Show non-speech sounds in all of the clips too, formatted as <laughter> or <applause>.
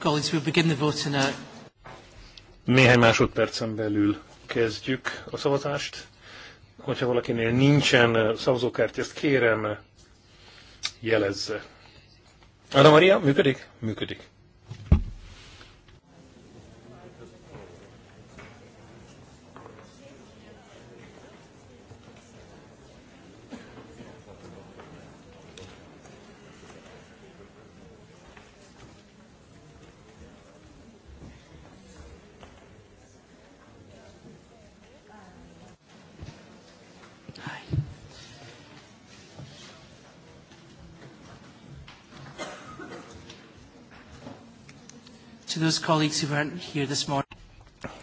Colleagues, we'll begin the vote in a... Néhány másodpercen belül kezdjük a szavazást. Hogyha valakinél nincsen szavazókártya, ezt kérem, jelezze. Anna Maria, működik? Működik.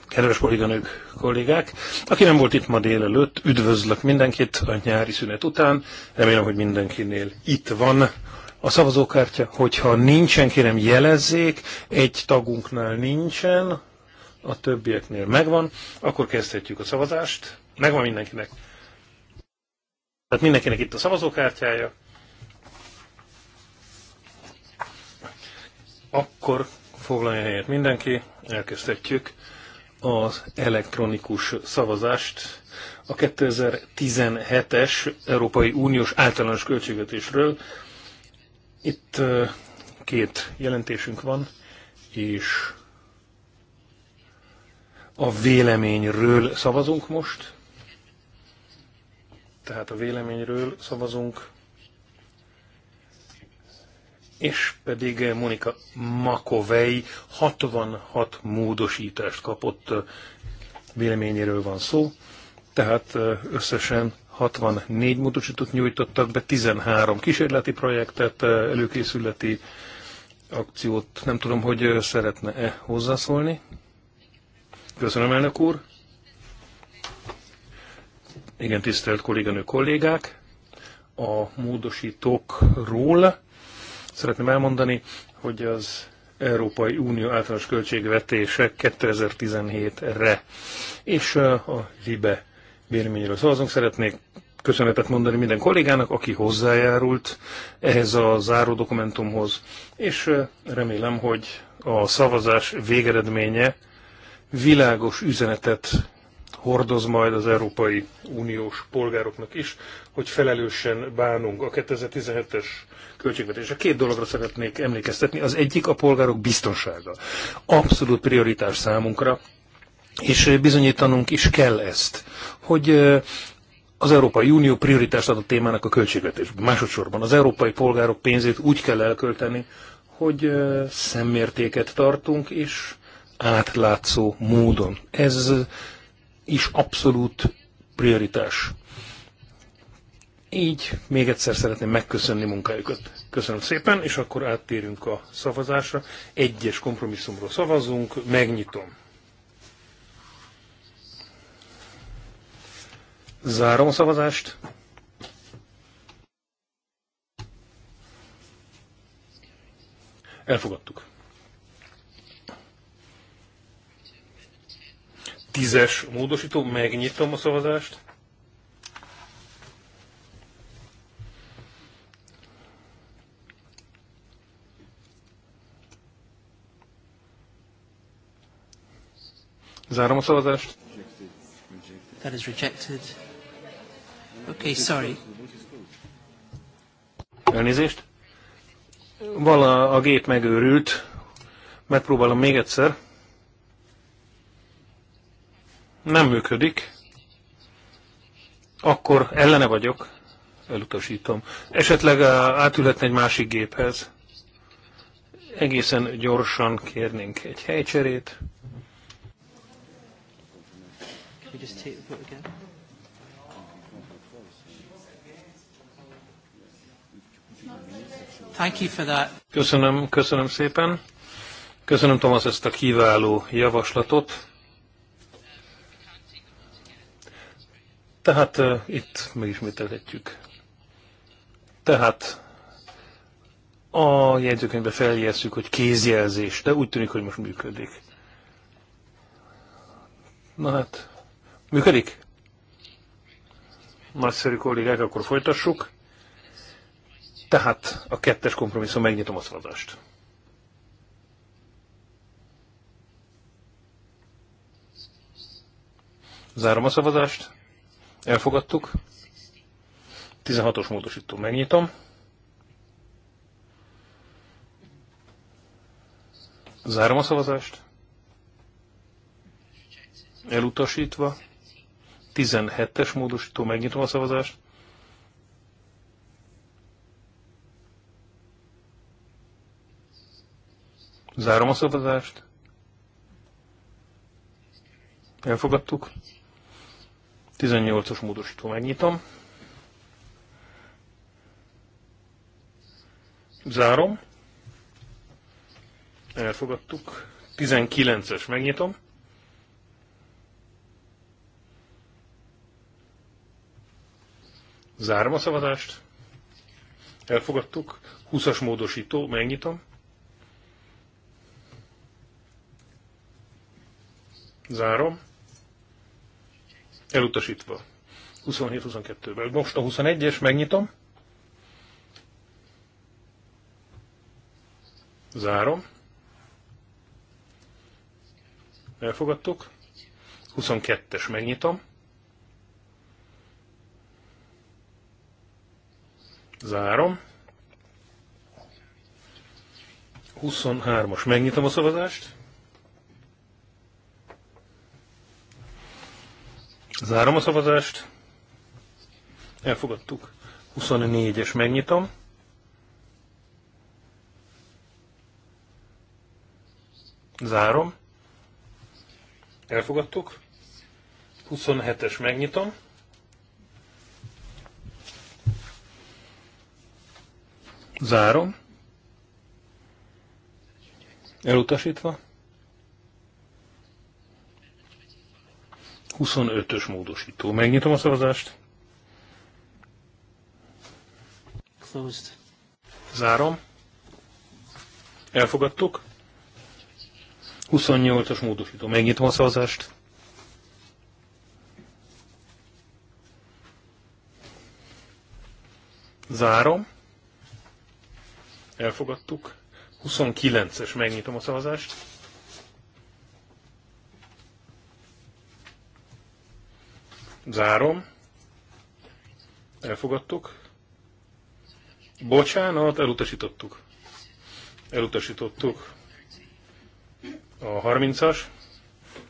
Kedves kolléganők, kollégák! Aki nem volt itt ma délelőtt, üdvözlök mindenkit a nyári szünet után. Remélem, hogy mindenkinél itt van a szavazókártya. Hogyha nincsen, kérem jelezzék, egy tagunknál nincsen, a többieknél megvan, akkor kezdhetjük a szavazást. Megvan mindenkinek. Tehát mindenkinek itt a szavazókártyája. Akkor foglalja helyet mindenki, elkezdhetjük az elektronikus szavazást a 2017-es Európai Uniós általános költségvetésről. Itt két jelentésünk van, és a véleményről szavazunk most. Tehát a véleményről szavazunk és pedig Monika Makovei 66 módosítást kapott, véleményéről van szó, tehát összesen 64 módosítót nyújtottak be, 13 kísérleti projektet, előkészületi akciót. Nem tudom, hogy szeretne-e hozzászólni. Köszönöm, elnök úr. Igen, tisztelt kolléganő kollégák. A módosítókról szeretném elmondani, hogy az Európai Unió általános költségvetése 2017-re, és a LIBE véleményéről szavazunk. Szeretnék köszönetet mondani minden kollégának, aki hozzájárult ehhez a záró dokumentumhoz, és remélem, hogy a szavazás végeredménye világos üzenetet hordoz majd az Európai Uniós polgároknak is, hogy felelősen bánunk a 2017-es A Két dologra szeretnék emlékeztetni. Az egyik a polgárok biztonsága. Abszolút prioritás számunkra, és bizonyítanunk is kell ezt, hogy az Európai Unió prioritást ad a témának a költségvetés. Másodszorban az európai polgárok pénzét úgy kell elkölteni, hogy szemmértéket tartunk, és átlátszó módon. Ez is abszolút prioritás. Így még egyszer szeretném megköszönni munkájukat. Köszönöm szépen, és akkor áttérünk a szavazásra. Egyes kompromisszumról szavazunk, megnyitom. Zárom a szavazást. Elfogadtuk. Tízes módosító, megnyitom a szavazást. Zárom a szavazást. That is rejected. Okay, sorry. Elnézést. Vala a gép megőrült. Megpróbálom még egyszer nem működik, akkor ellene vagyok, elutasítom. Esetleg átülhetne egy másik géphez. Egészen gyorsan kérnénk egy helycserét. Köszönöm, köszönöm szépen. Köszönöm Thomas ezt a kiváló javaslatot. Tehát uh, itt megismételhetjük. Tehát a jegyzőkönyvbe feljegyzük, hogy kézjelzés, de úgy tűnik, hogy most működik. Na hát, működik? Nagyszerű kollégák, akkor folytassuk. Tehát a kettes kompromisszum, megnyitom a szavazást. Zárom a szavazást. Elfogadtuk. 16-os módosító megnyitom. Zárom a szavazást. Elutasítva. 17-es módosító, megnyitom a szavazást. Zárom a szavazást. Elfogadtuk. 18-os módosító megnyitom. Zárom. Elfogadtuk. 19-es megnyitom. Zárom a szavazást. Elfogadtuk. 20-as módosító, megnyitom. Zárom. Elutasítva. 27-22-vel. Most a 21-es, megnyitom. Zárom. Elfogadtuk. 22-es, megnyitom. Zárom. 23-as, megnyitom a szavazást. Zárom a szavazást. Elfogadtuk. 24-es megnyitom. Zárom. Elfogadtuk. 27-es megnyitom. Zárom. Elutasítva. 25-ös módosító. Megnyitom a szavazást. Closed. Zárom. Elfogadtuk. 28 ös módosító. Megnyitom a szavazást. Zárom. Elfogadtuk. 29-es. Megnyitom a szavazást. Zárom. Elfogadtuk. Bocsánat, elutasítottuk. Elutasítottuk. A 30-as.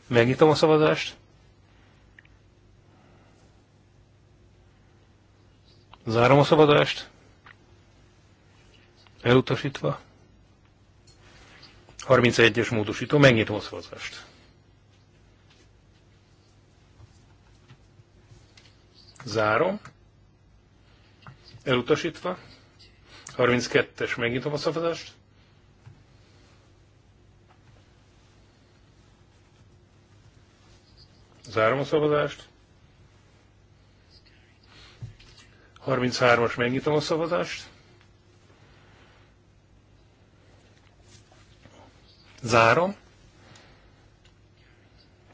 Megnyitom a szavazást. Zárom a szavazást. Elutasítva. 31-es módosító. Megnyitom a szavazást. Zárom. Elutasítva. 32-es, megnyitom a szavazást. Zárom a szavazást. 33-as, megnyitom a szavazást. Zárom.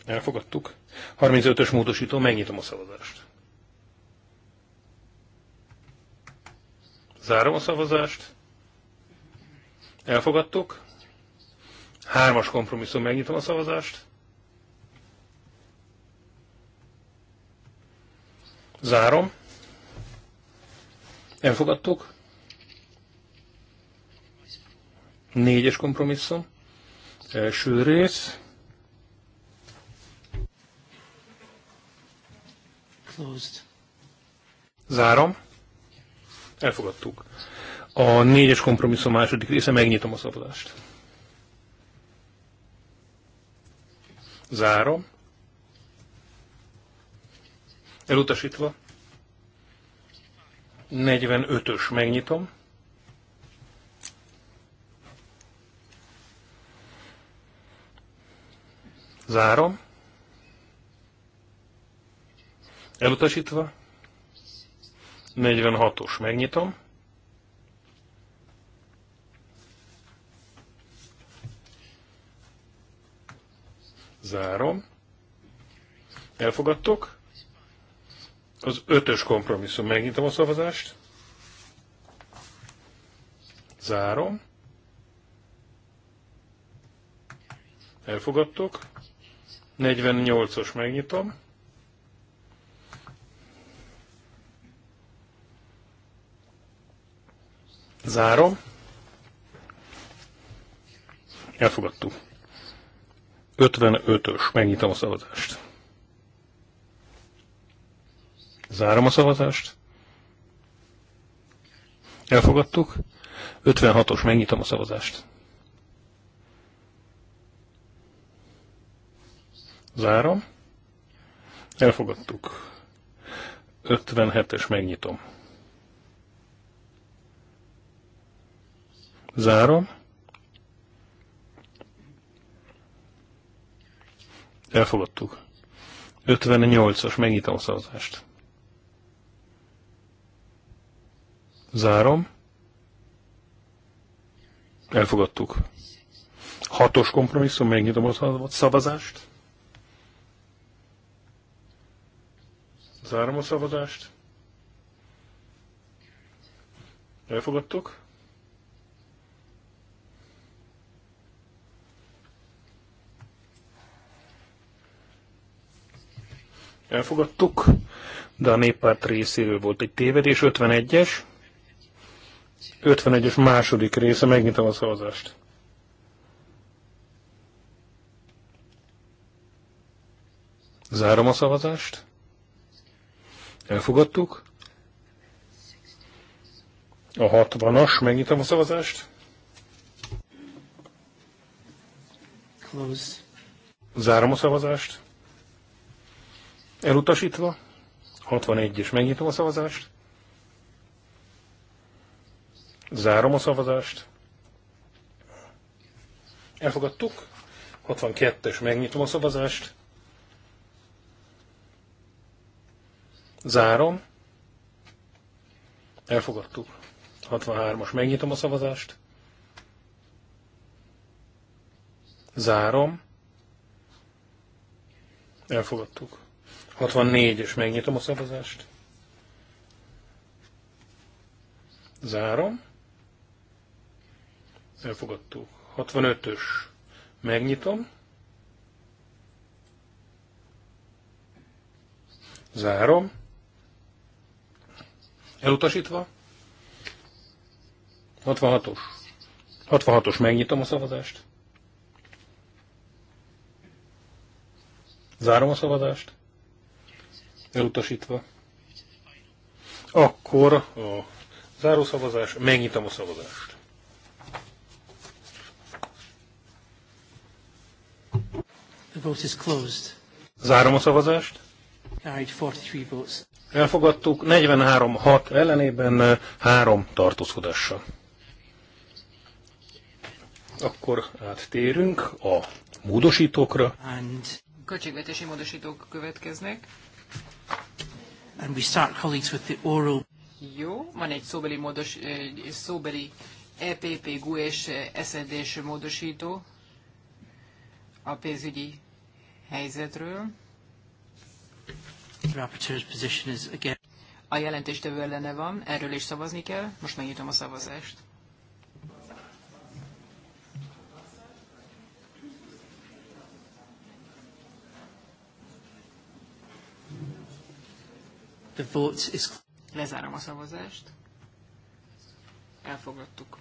Elfogadtuk. 35-ös módosító, megnyitom a szavazást. Zárom a szavazást. Elfogadtuk. Hármas kompromisszum, megnyitom a szavazást. Zárom. Elfogadtuk. Négyes kompromisszum. Első rész. Closed. Zárom. Elfogadtuk. A négyes kompromisszum második része, megnyitom a szavazást. Zárom. Elutasítva. 45-ös megnyitom. Zárom. Elutasítva. 46-os megnyitom. Zárom. Elfogadtok. Az ötös kompromisszum. Megnyitom a szavazást. Zárom. Elfogadtok. 48-os megnyitom. Zárom. Elfogadtuk. 55-ös. Megnyitom a szavazást. Zárom a szavazást. Elfogadtuk. 56-os. Megnyitom a szavazást. Zárom. Elfogadtuk. 57-es. Megnyitom. Zárom. Elfogadtuk. 58-as, megnyitom a szavazást. Zárom. Elfogadtuk. Hatos kompromisszum, megnyitom a szavazást. Zárom a szavazást. Elfogadtuk. elfogadtuk, de a néppárt részéről volt egy tévedés, 51-es, 51-es második része, megnyitom a szavazást. Zárom a szavazást. Elfogadtuk. A 60-as, megnyitom a szavazást. Close. Zárom a szavazást. Elutasítva. 61-es. Megnyitom a szavazást. Zárom a szavazást. Elfogadtuk. 62-es. Megnyitom a szavazást. Zárom. Elfogadtuk. 63-as. Megnyitom a szavazást. Zárom. Elfogadtuk. 64 és megnyitom a szavazást. Zárom. Elfogadtuk. 65-ös, megnyitom. Zárom. Elutasítva. 66-os. 66-os, megnyitom a szavazást. Zárom a szavazást elutasítva. Akkor a zárószavazás, megnyitom a szavazást. The vote is closed. Zárom a szavazást. Elfogadtuk 43-6 ellenében 3 tartózkodással. Akkor áttérünk a módosítókra. And... Költségvetési módosítók következnek. And we start, colleagues, with the oral. Jó, van egy szóbeli, módos, szóbeli EPP, GU és e szd módosító a pénzügyi helyzetről. A jelentéstevő ellene van, erről is szavazni kell. Most megnyitom a szavazást. The vote is... Lezárom a szavazást. Elfogadtuk.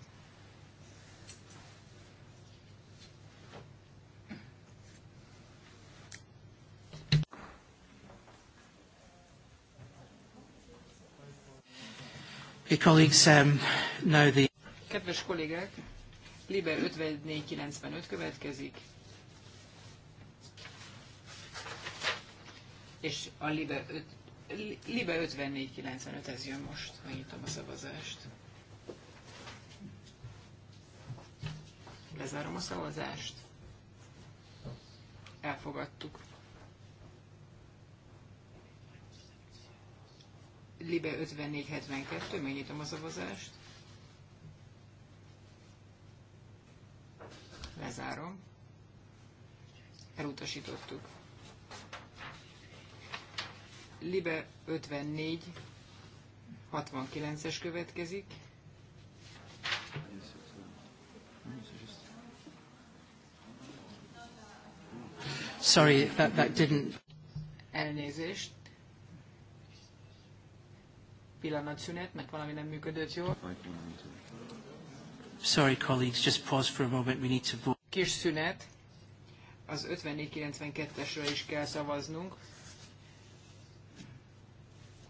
Um, Kedves kollégák, Liber 5495 következik, és a Liber 5 Libe 5495, ez jön most. nyitom a szavazást. Lezárom a szavazást. Elfogadtuk. Libe 5472, nyitom a szavazást. Lezárom. Elutasítottuk. Libe 54, 69-es következik. Sorry, that, that didn't... Elnézést. szünet, mert valami nem működött jól. Sorry, colleagues, just pause for a moment, we need to vote. Kis szünet. Az 54 92 esről is kell szavaznunk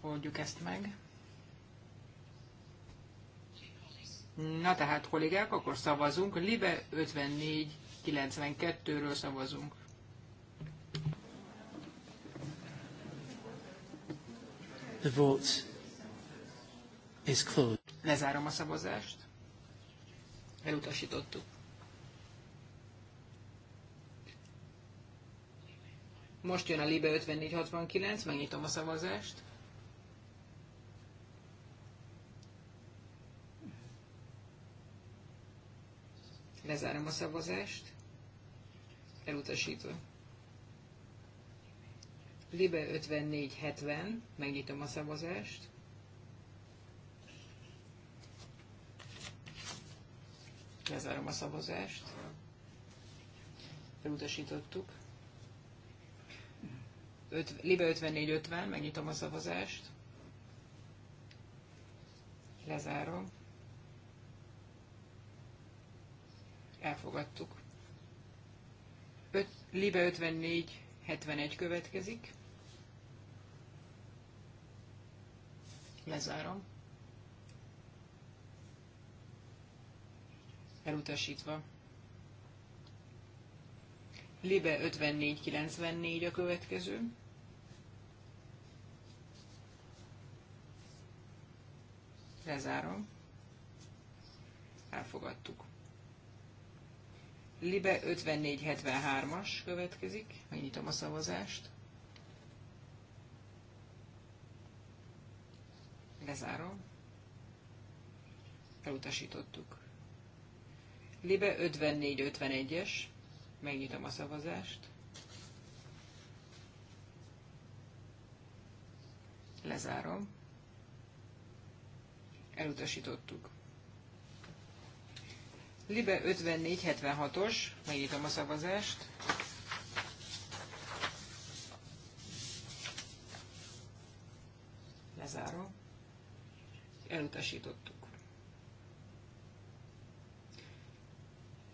oldjuk ezt meg. Na tehát, kollégák, akkor szavazunk. Libe 54-92-ről szavazunk. The vote is closed. Lezárom a szavazást. Elutasítottuk. Most jön a Libe 5469, megnyitom a szavazást. Lezárom a szavazást. Elutasítva. Libe 54-70. Megnyitom a szavazást. Lezárom a szavazást. Elutasítottuk. Öt, Libe 54-50. Megnyitom a szavazást. Lezárom. elfogadtuk. Öt, Libe 54, 71 következik. Lezárom. Elutasítva. Libe 54-94 a következő. Lezárom. Elfogadtuk. Libe 5473-as következik. Megnyitom a szavazást. Lezárom. Elutasítottuk. Libe 5451-es. Megnyitom a szavazást. Lezárom. Elutasítottuk. Libe 54-76-os, megnyitom a szavazást. Lezárom. Elutasítottuk.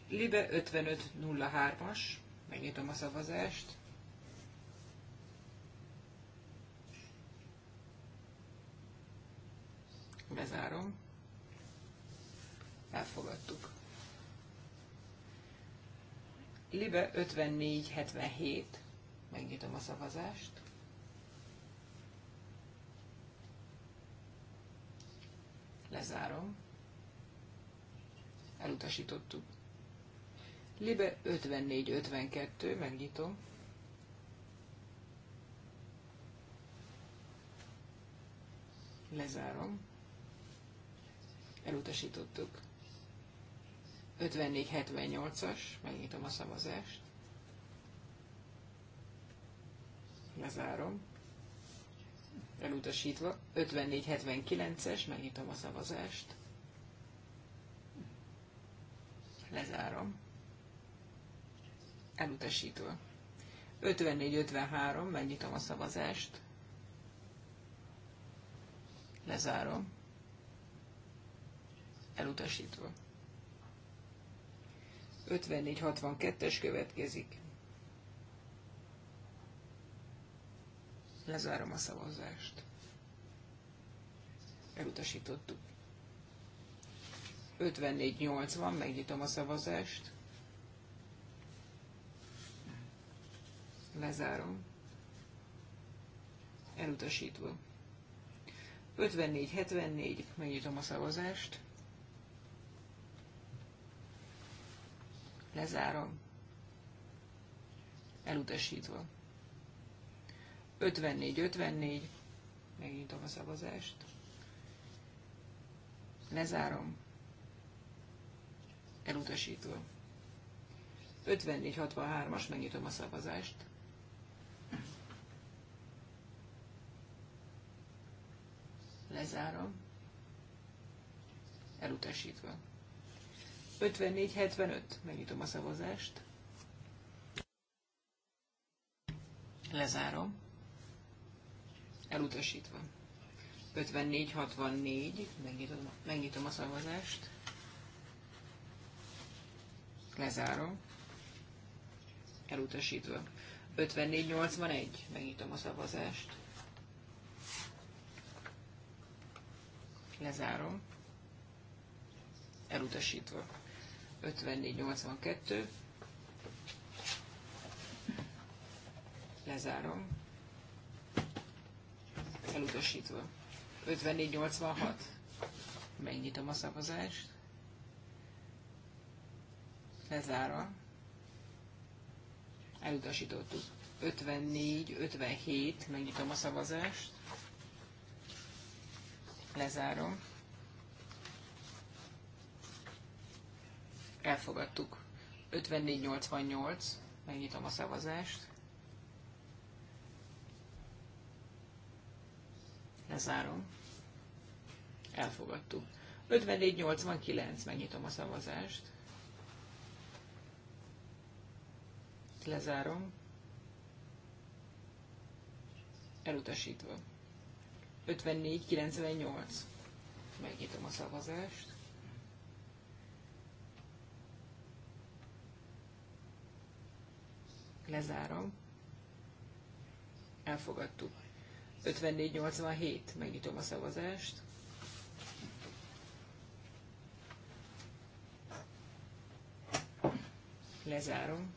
Libe 55-03-as, megnyitom a szavazást. Lezárom. Elfogadtuk. Libe 54-77. Megnyitom a szavazást. Lezárom. Elutasítottuk. Libe 54-52. Megnyitom. Lezárom. Elutasítottuk. 54-78-as, megnyitom a szavazást. Lezárom. Elutasítva. 54-79-es, megnyitom a szavazást. Lezárom. Elutasítva. 54-53, megnyitom a szavazást. Lezárom. Elutasítva. 54-62-es következik. Lezárom a szavazást. Elutasítottuk. 54 megnyitom a szavazást. Lezárom. Elutasítva. 54-74, megnyitom a szavazást. Lezárom. Elutasítva. 54-54. Megnyitom a szavazást. Lezárom. Elutasítva. 54-63-as, megnyitom a szavazást. Lezárom. Elutasítva. 54-75. Megnyitom a szavazást. Lezárom. Elutasítva. 54-64. Megnyitom, megnyitom a szavazást. Lezárom. Elutasítva. 54-81. Megnyitom a szavazást. Lezárom. Elutasítva. 5482. Lezárom. Elutasítva. 5486. Megnyitom a szavazást. Lezárom. Elutasítottuk. 54, 57, megnyitom a szavazást. Lezárom. elfogadtuk. 54-88, megnyitom a szavazást. Lezárom. Elfogadtuk. 54-89, megnyitom a szavazást. Lezárom. Elutasítva. 54-98. Megnyitom a szavazást. lezárom, elfogadtuk. 54-87, megnyitom a szavazást. Lezárom.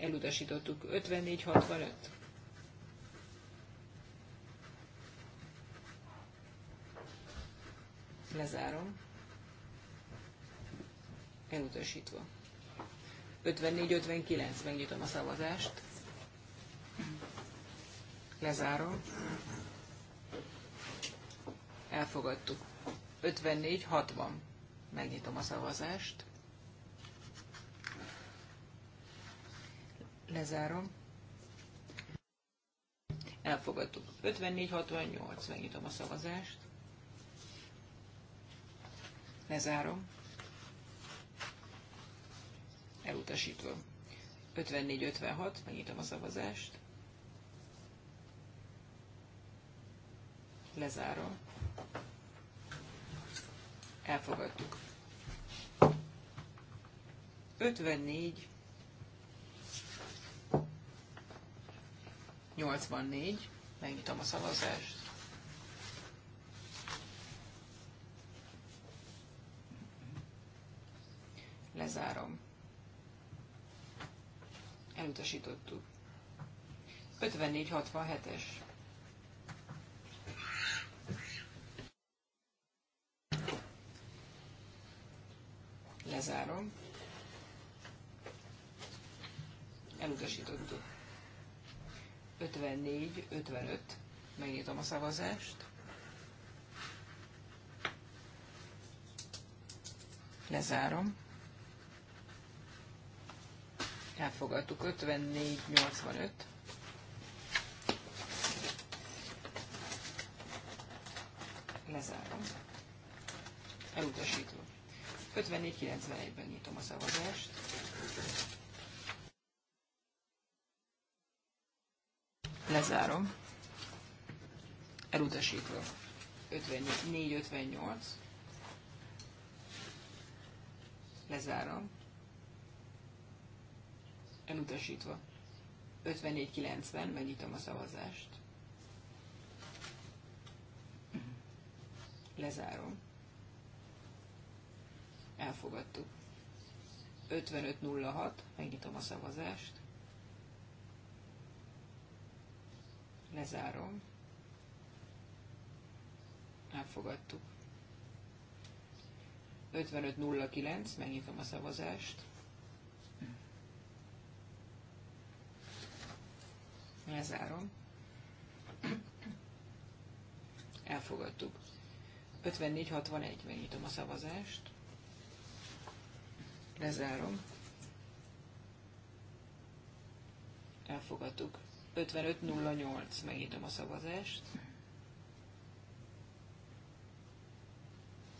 Elutasítottuk 54-65. Lezárom. Elutasítva. 54-65. 54-59, megnyitom a szavazást. Lezárom. Elfogadtuk. 54-60, megnyitom a szavazást. Lezárom. Elfogadtuk. 54-68, megnyitom a szavazást. Lezárom elutasítva. 54-56, megnyitom a szavazást. Lezárom. Elfogadtuk. 54 84, megnyitom a szavazást. Lezárom elutasítottuk. 54-67-es. Lezárom. Elutasítottuk. 54-55. Megnyitom a szavazást. Lezárom. Elfogadtuk 54-85. Lezárom. Elutasítom. 54-91-ben nyitom a szavazást. Lezárom. Elutasítva. 54-58. Lezárom 54-58 elutasítva. 54-90, megnyitom a szavazást. Lezárom. Elfogadtuk. 55-06, megnyitom a szavazást. Lezárom. Elfogadtuk. 55-09, megnyitom a szavazást. Lezárom. Elfogadtuk. 54-61, megnyitom a szavazást. Lezárom. Elfogadtuk. 55-08, megnyitom a szavazást.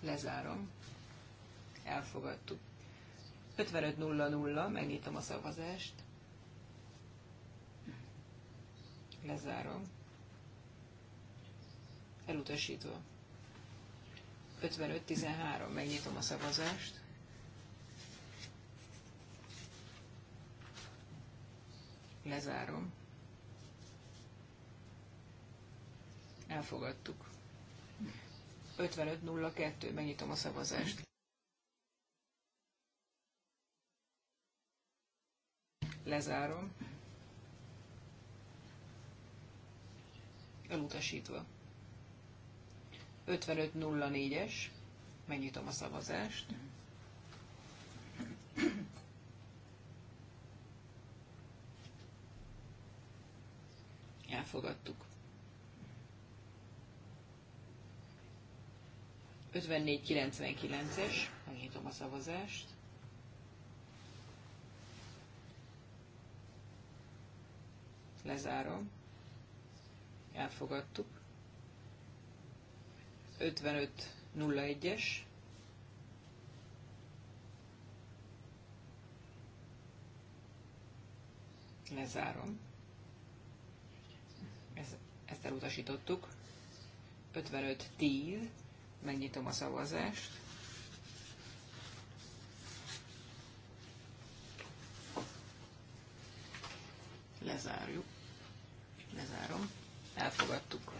Lezárom. Elfogadtuk. 55-00, megnyitom a szavazást. Lezárom. Elutasítva. 55-13. Megnyitom a szavazást. Lezárom. Elfogadtuk. 55-02. Megnyitom a szavazást. Lezárom. elutasítva. 5504-es, megnyitom a szavazást. Elfogadtuk. 5499-es, megnyitom a szavazást. Lezárom elfogadtuk. 5501-es, lezárom. Ezt, ezt elutasítottuk. 55.10. megnyitom a szavazást. Lezárjuk. Lezárom. Elfogadtuk.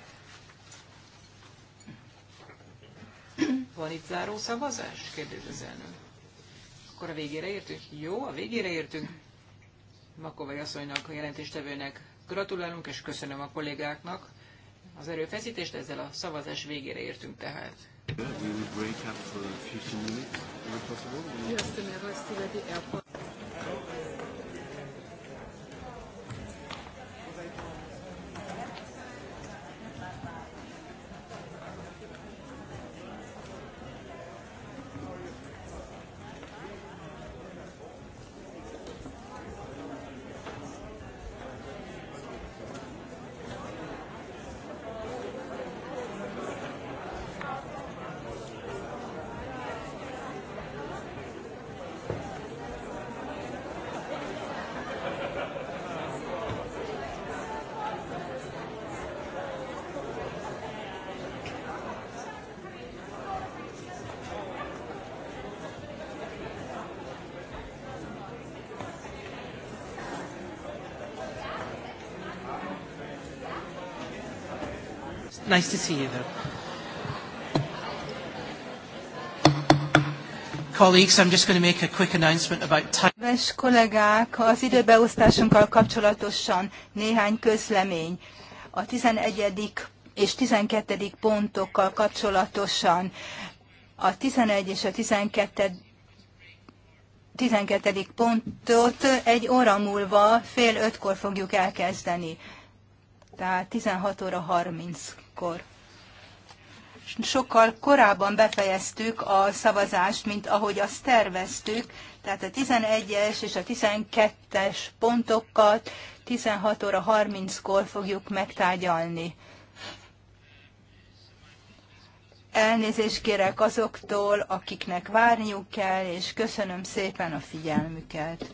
Van itt záró szavazás? Kérdez az elnök. Akkor a végére értünk? Jó, a végére értünk. Makovai asszonynak, a jelentéstevőnek gratulálunk, és köszönöm a kollégáknak az erőfeszítést, ezzel a szavazás végére értünk tehát. Yes, the Nice to see you, though. Colleagues, I'm just going to make a quick announcement about time. Kedves kollégák, az időbeosztásunkkal kapcsolatosan néhány közlemény. A 11. és 12. pontokkal kapcsolatosan a 11 és a 12. 12. pontot egy óra múlva fél ötkor fogjuk elkezdeni. Tehát 16 óra 30 akkor. Sokkal korábban befejeztük a szavazást, mint ahogy azt terveztük, tehát a 11-es és a 12-es pontokat 16 óra 30-kor fogjuk megtárgyalni. Elnézést kérek azoktól, akiknek várniuk kell, és köszönöm szépen a figyelmüket.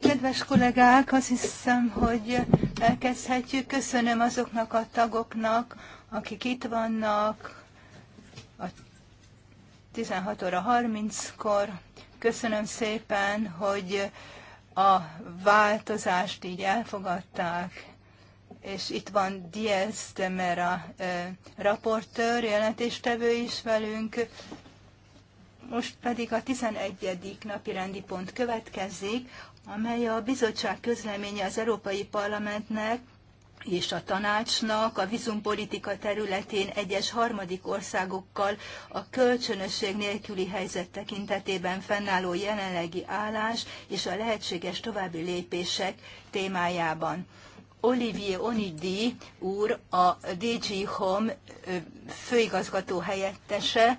Kedves kollégák, azt hiszem, hogy elkezdhetjük. Köszönöm azoknak a tagoknak, akik itt vannak a 16 óra 30-kor. Köszönöm szépen, hogy a változást így elfogadták, és itt van Diaz de Mera eh, raportőr, jelentéstevő is velünk, most pedig a 11. napi rendi pont következik, amely a bizottság közleménye az Európai Parlamentnek és a tanácsnak a vízumpolitika területén egyes harmadik országokkal a kölcsönösség nélküli helyzet tekintetében fennálló jelenlegi állás és a lehetséges további lépések témájában. Olivier Onidi úr, a DG Home főigazgató helyettese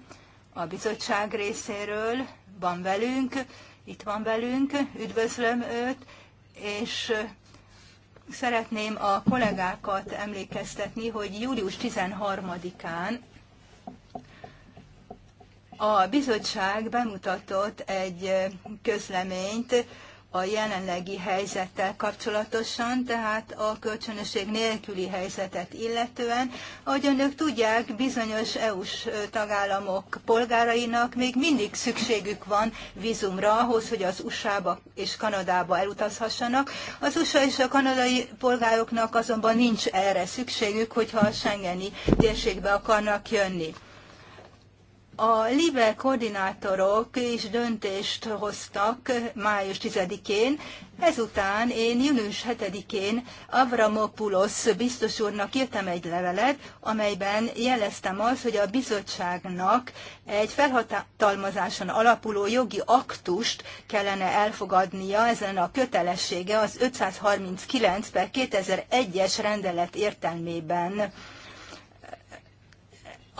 a bizottság részéről van velünk, itt van velünk, üdvözlöm őt, és szeretném a kollégákat emlékeztetni, hogy július 13-án a bizottság bemutatott egy közleményt a jelenlegi helyzettel kapcsolatosan, tehát a kölcsönösség nélküli helyzetet illetően. Ahogy önök tudják, bizonyos EU-s tagállamok polgárainak még mindig szükségük van vízumra ahhoz, hogy az USA-ba és Kanadába elutazhassanak. Az USA és a kanadai polgároknak azonban nincs erre szükségük, hogyha a Schengeni térségbe akarnak jönni. A LIBE koordinátorok is döntést hoztak május 10-én, ezután én június 7-én Avramopoulos biztos úrnak írtam egy levelet, amelyben jeleztem azt, hogy a bizottságnak egy felhatalmazáson alapuló jogi aktust kellene elfogadnia, ez lenne a kötelessége az 539 per 2001-es rendelet értelmében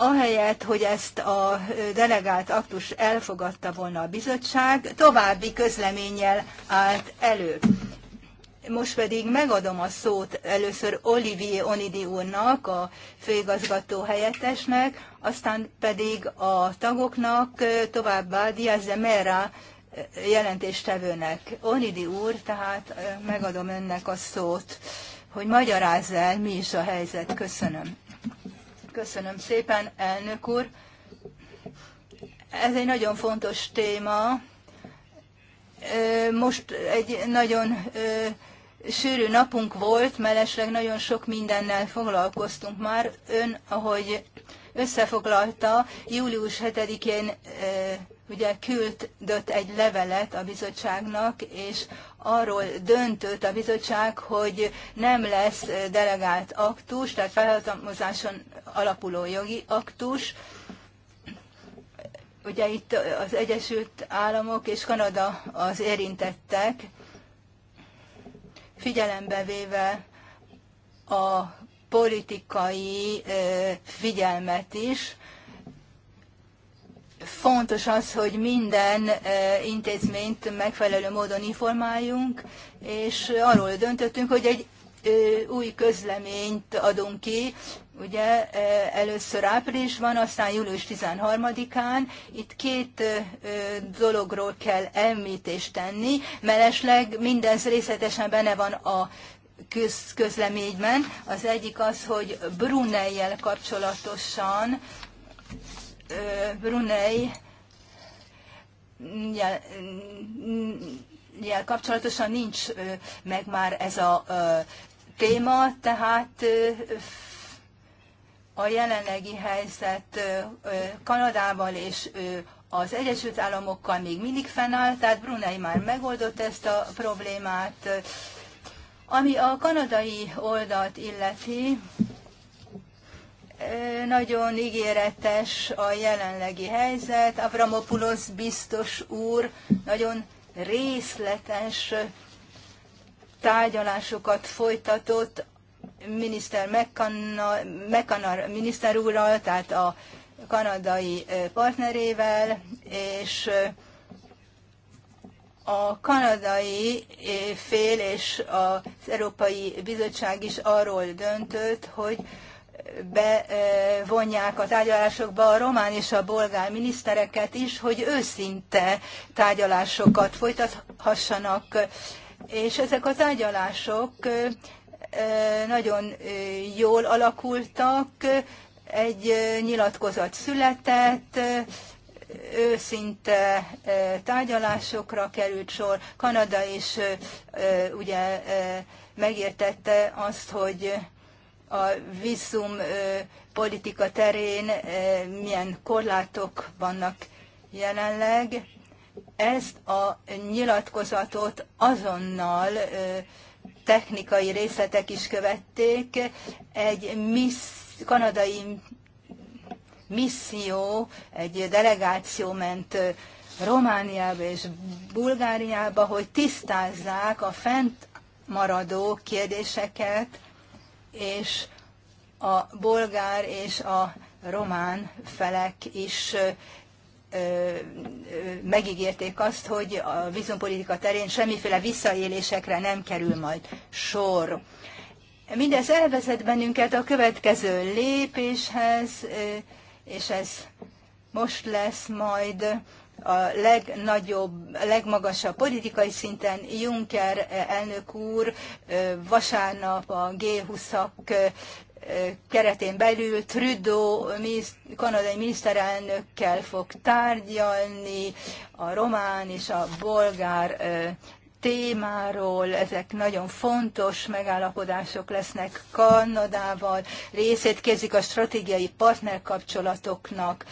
ahelyett, hogy ezt a delegált aktus elfogadta volna a bizottság, további közleménnyel állt elő. Most pedig megadom a szót először Olivier Onidi úrnak, a főigazgató helyettesnek, aztán pedig a tagoknak, továbbá Diaz de Mera jelentéstevőnek. Onidi úr, tehát megadom önnek a szót, hogy magyarázz el, mi is a helyzet. Köszönöm. Köszönöm szépen, elnök úr. Ez egy nagyon fontos téma. Most egy nagyon sűrű napunk volt, mellesleg nagyon sok mindennel foglalkoztunk már. Ön, ahogy összefoglalta, július 7-én ugye küldött egy levelet a bizottságnak, és arról döntött a bizottság, hogy nem lesz delegált aktus, tehát felhatalmazáson alapuló jogi aktus. Ugye itt az Egyesült Államok és Kanada az érintettek, figyelembe véve a politikai figyelmet is, fontos az, hogy minden intézményt megfelelő módon informáljunk, és arról döntöttünk, hogy egy új közleményt adunk ki Ugye e, először van, aztán július 13-án itt két e, e, dologról kell említést tenni, Melesleg mindez részletesen benne van a köz, közleményben. Az egyik az, hogy Brunei-jel kapcsolatosan Brunei jel kapcsolatosan nincs meg már ez a téma, tehát a jelenlegi helyzet Kanadával és az Egyesült Államokkal még mindig fennáll, tehát Brunei már megoldott ezt a problémát. Ami a kanadai oldalt illeti, nagyon ígéretes a jelenlegi helyzet. Avramopoulos biztos úr nagyon részletes tárgyalásokat folytatott miniszter McConnell miniszter úrral, tehát a kanadai partnerével, és a kanadai fél és az Európai Bizottság is arról döntött, hogy bevonják a tárgyalásokba a román és a bolgár minisztereket is, hogy őszinte tárgyalásokat folytathassanak. És ezek a tárgyalások nagyon jól alakultak, egy nyilatkozat született, őszinte tárgyalásokra került sor. Kanada is ugye megértette azt, hogy a vízum politika terén milyen korlátok vannak jelenleg. Ezt a nyilatkozatot azonnal technikai részletek is követték. Egy missz, kanadai misszió, egy delegáció ment Romániába és Bulgáriába, hogy tisztázzák a fent maradó kérdéseket, és a bolgár és a román felek is megígérték azt, hogy a vízumpolitika terén semmiféle visszaélésekre nem kerül majd sor. Mindez elvezet bennünket a következő lépéshez, és ez most lesz majd a legnagyobb, a legmagasabb politikai szinten Juncker elnök úr vasárnap a G20-ak keretén belül Trudeau kanadai miniszterelnökkel fog tárgyalni a román és a bolgár témáról, ezek nagyon fontos megállapodások lesznek Kanadával, részét kézik a stratégiai partnerkapcsolatoknak.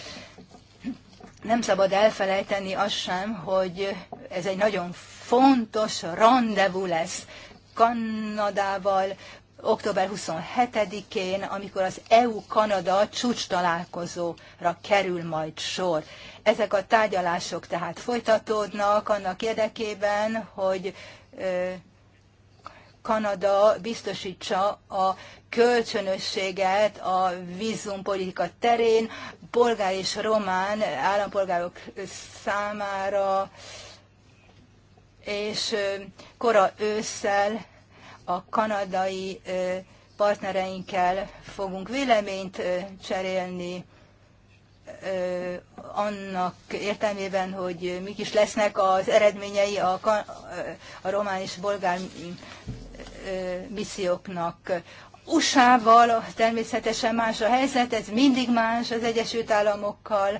Nem szabad elfelejteni azt sem, hogy ez egy nagyon fontos rendezvú lesz Kanadával, október 27-én, amikor az EU-Kanada csúcs találkozóra kerül majd sor. Ezek a tárgyalások tehát folytatódnak annak érdekében, hogy Kanada biztosítsa a kölcsönösséget a vízumpolitika terén, polgár és román állampolgárok számára, és kora ősszel a kanadai partnereinkkel fogunk véleményt cserélni, annak értelmében, hogy mik is lesznek az eredményei a, a román és bolgár misszióknak. USA-val természetesen más a helyzet, ez mindig más az Egyesült Államokkal.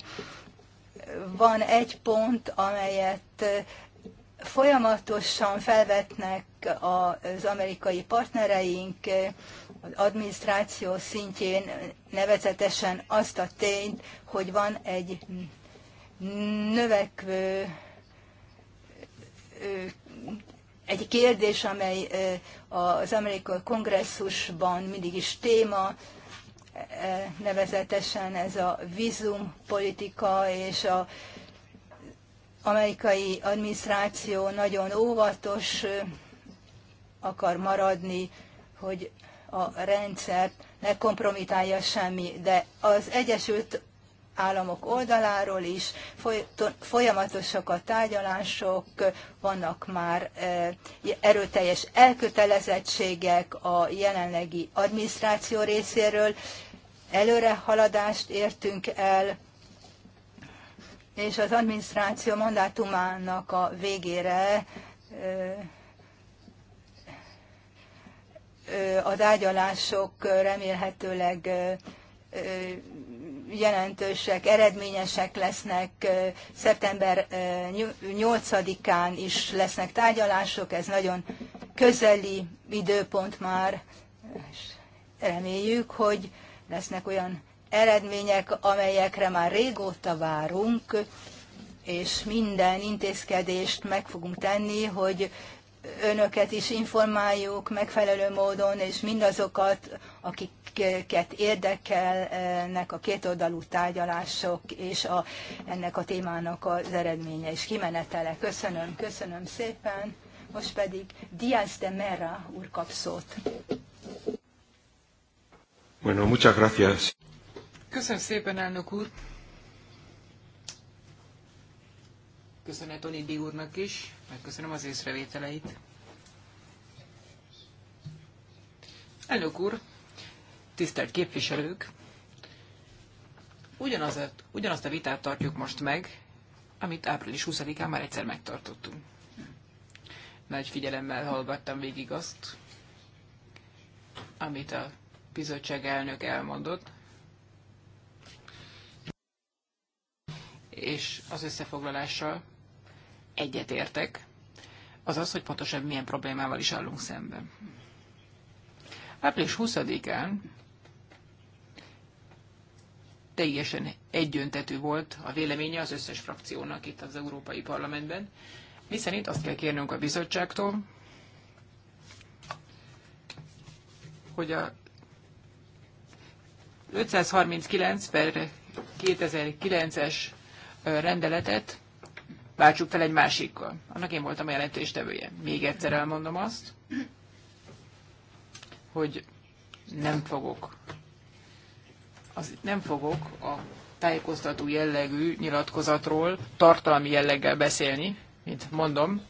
Van egy pont, amelyet folyamatosan felvetnek az amerikai partnereink az adminisztráció szintjén nevezetesen azt a tényt, hogy van egy növekvő egy kérdés, amely az amerikai kongresszusban mindig is téma, nevezetesen ez a vízumpolitika és a amerikai adminisztráció nagyon óvatos akar maradni, hogy a rendszert ne kompromitálja semmi, de az Egyesült Államok oldaláról is folyamatosak a tárgyalások, vannak már erőteljes elkötelezettségek a jelenlegi adminisztráció részéről, előrehaladást értünk el, és az adminisztráció mandátumának a végére a ágyalások remélhetőleg jelentősek, eredményesek lesznek. Szeptember 8-án is lesznek tárgyalások, ez nagyon közeli időpont már, és reméljük, hogy lesznek olyan eredmények, amelyekre már régóta várunk, és minden intézkedést meg fogunk tenni, hogy önöket is informáljuk megfelelő módon, és mindazokat, akiket érdekelnek a kétoldalú tárgyalások és a, ennek a témának az eredménye és kimenetele. Köszönöm, köszönöm szépen. Most pedig Diaz de Mera úr kap szót. Bueno, muchas gracias. Köszönöm szépen, elnök úr! Köszönet Onidi úrnak is, megköszönöm az észrevételeit. Elnök úr, tisztelt képviselők! ugyanazt, ugyanazt a vitát tartjuk most meg, amit április 20-án már egyszer megtartottunk. Nagy figyelemmel hallgattam végig azt, amit a bizottság elnök elmondott, és az összefoglalással egyetértek, az az, hogy pontosan milyen problémával is állunk szemben. Április 20-án teljesen egyöntetű volt a véleménye az összes frakciónak itt az Európai Parlamentben, hiszen itt azt kell kérnünk a bizottságtól, hogy a 539 per 2009-es rendeletet váltsuk fel egy másikkal. Annak én voltam a jelentéstevője. Még egyszer elmondom azt, hogy nem fogok az, nem fogok a tájékoztató jellegű nyilatkozatról tartalmi jelleggel beszélni, mint mondom,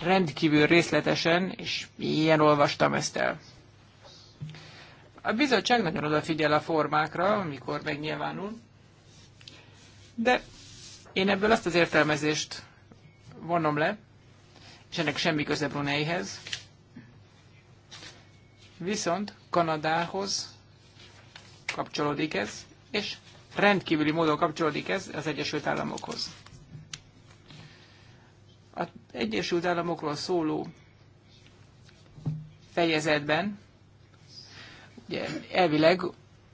rendkívül részletesen, és ilyen olvastam ezt el. A bizottság nagyon odafigyel a formákra, amikor megnyilvánul, de én ebből azt az értelmezést vonom le, és ennek semmi köze Bruneihez. Viszont Kanadához kapcsolódik ez, és rendkívüli módon kapcsolódik ez az Egyesült Államokhoz. Az Egyesült Államokról szóló fejezetben ugye, elvileg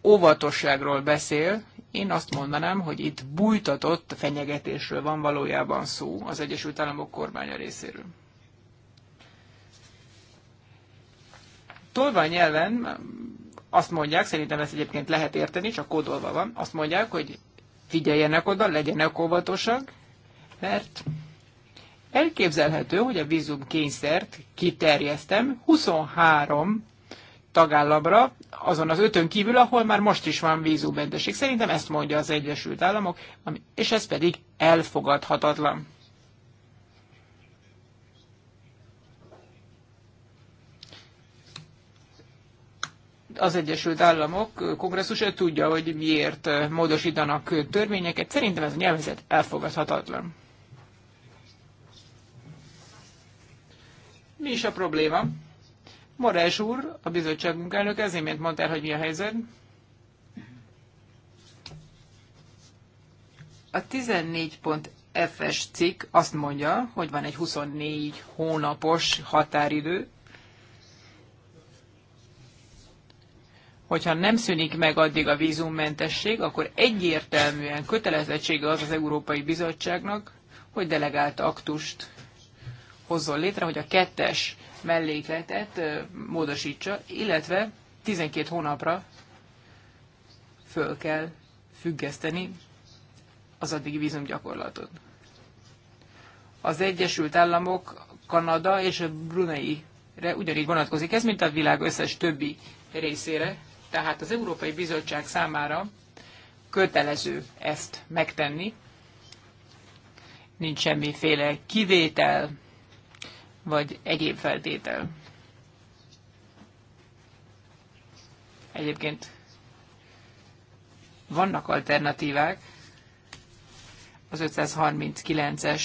óvatosságról beszél, én azt mondanám, hogy itt bújtatott fenyegetésről van valójában szó az Egyesült Államok kormánya részéről. nyelven azt mondják, szerintem ezt egyébként lehet érteni, csak kódolva van, azt mondják, hogy figyeljenek oda, legyenek óvatosak, mert elképzelhető, hogy a vízum kényszert kiterjesztem 23 tagállamra, azon az ötön kívül, ahol már most is van vízummentesség. Szerintem ezt mondja az Egyesült Államok, és ez pedig elfogadhatatlan. az Egyesült Államok kongresszusa tudja, hogy miért módosítanak törvényeket. Szerintem ez a nyelvezet elfogadhatatlan. Mi is a probléma? Morás úr, a bizottságunk elnök, ez imént mondta el, hogy mi a helyzet. A 14.f-es cikk azt mondja, hogy van egy 24 hónapos határidő, hogyha nem szűnik meg addig a vízummentesség, akkor egyértelműen kötelezettsége az az Európai Bizottságnak, hogy delegált aktust hozzon létre, hogy a kettes mellékletet módosítsa, illetve 12 hónapra föl kell függeszteni az addigi vízumgyakorlatot. Az Egyesült Államok, Kanada és a brunei ugyanígy vonatkozik ez, mint a világ összes többi részére, tehát az Európai Bizottság számára kötelező ezt megtenni. Nincs semmiféle kivétel, vagy egyéb feltétel. Egyébként vannak alternatívák. Az 539-es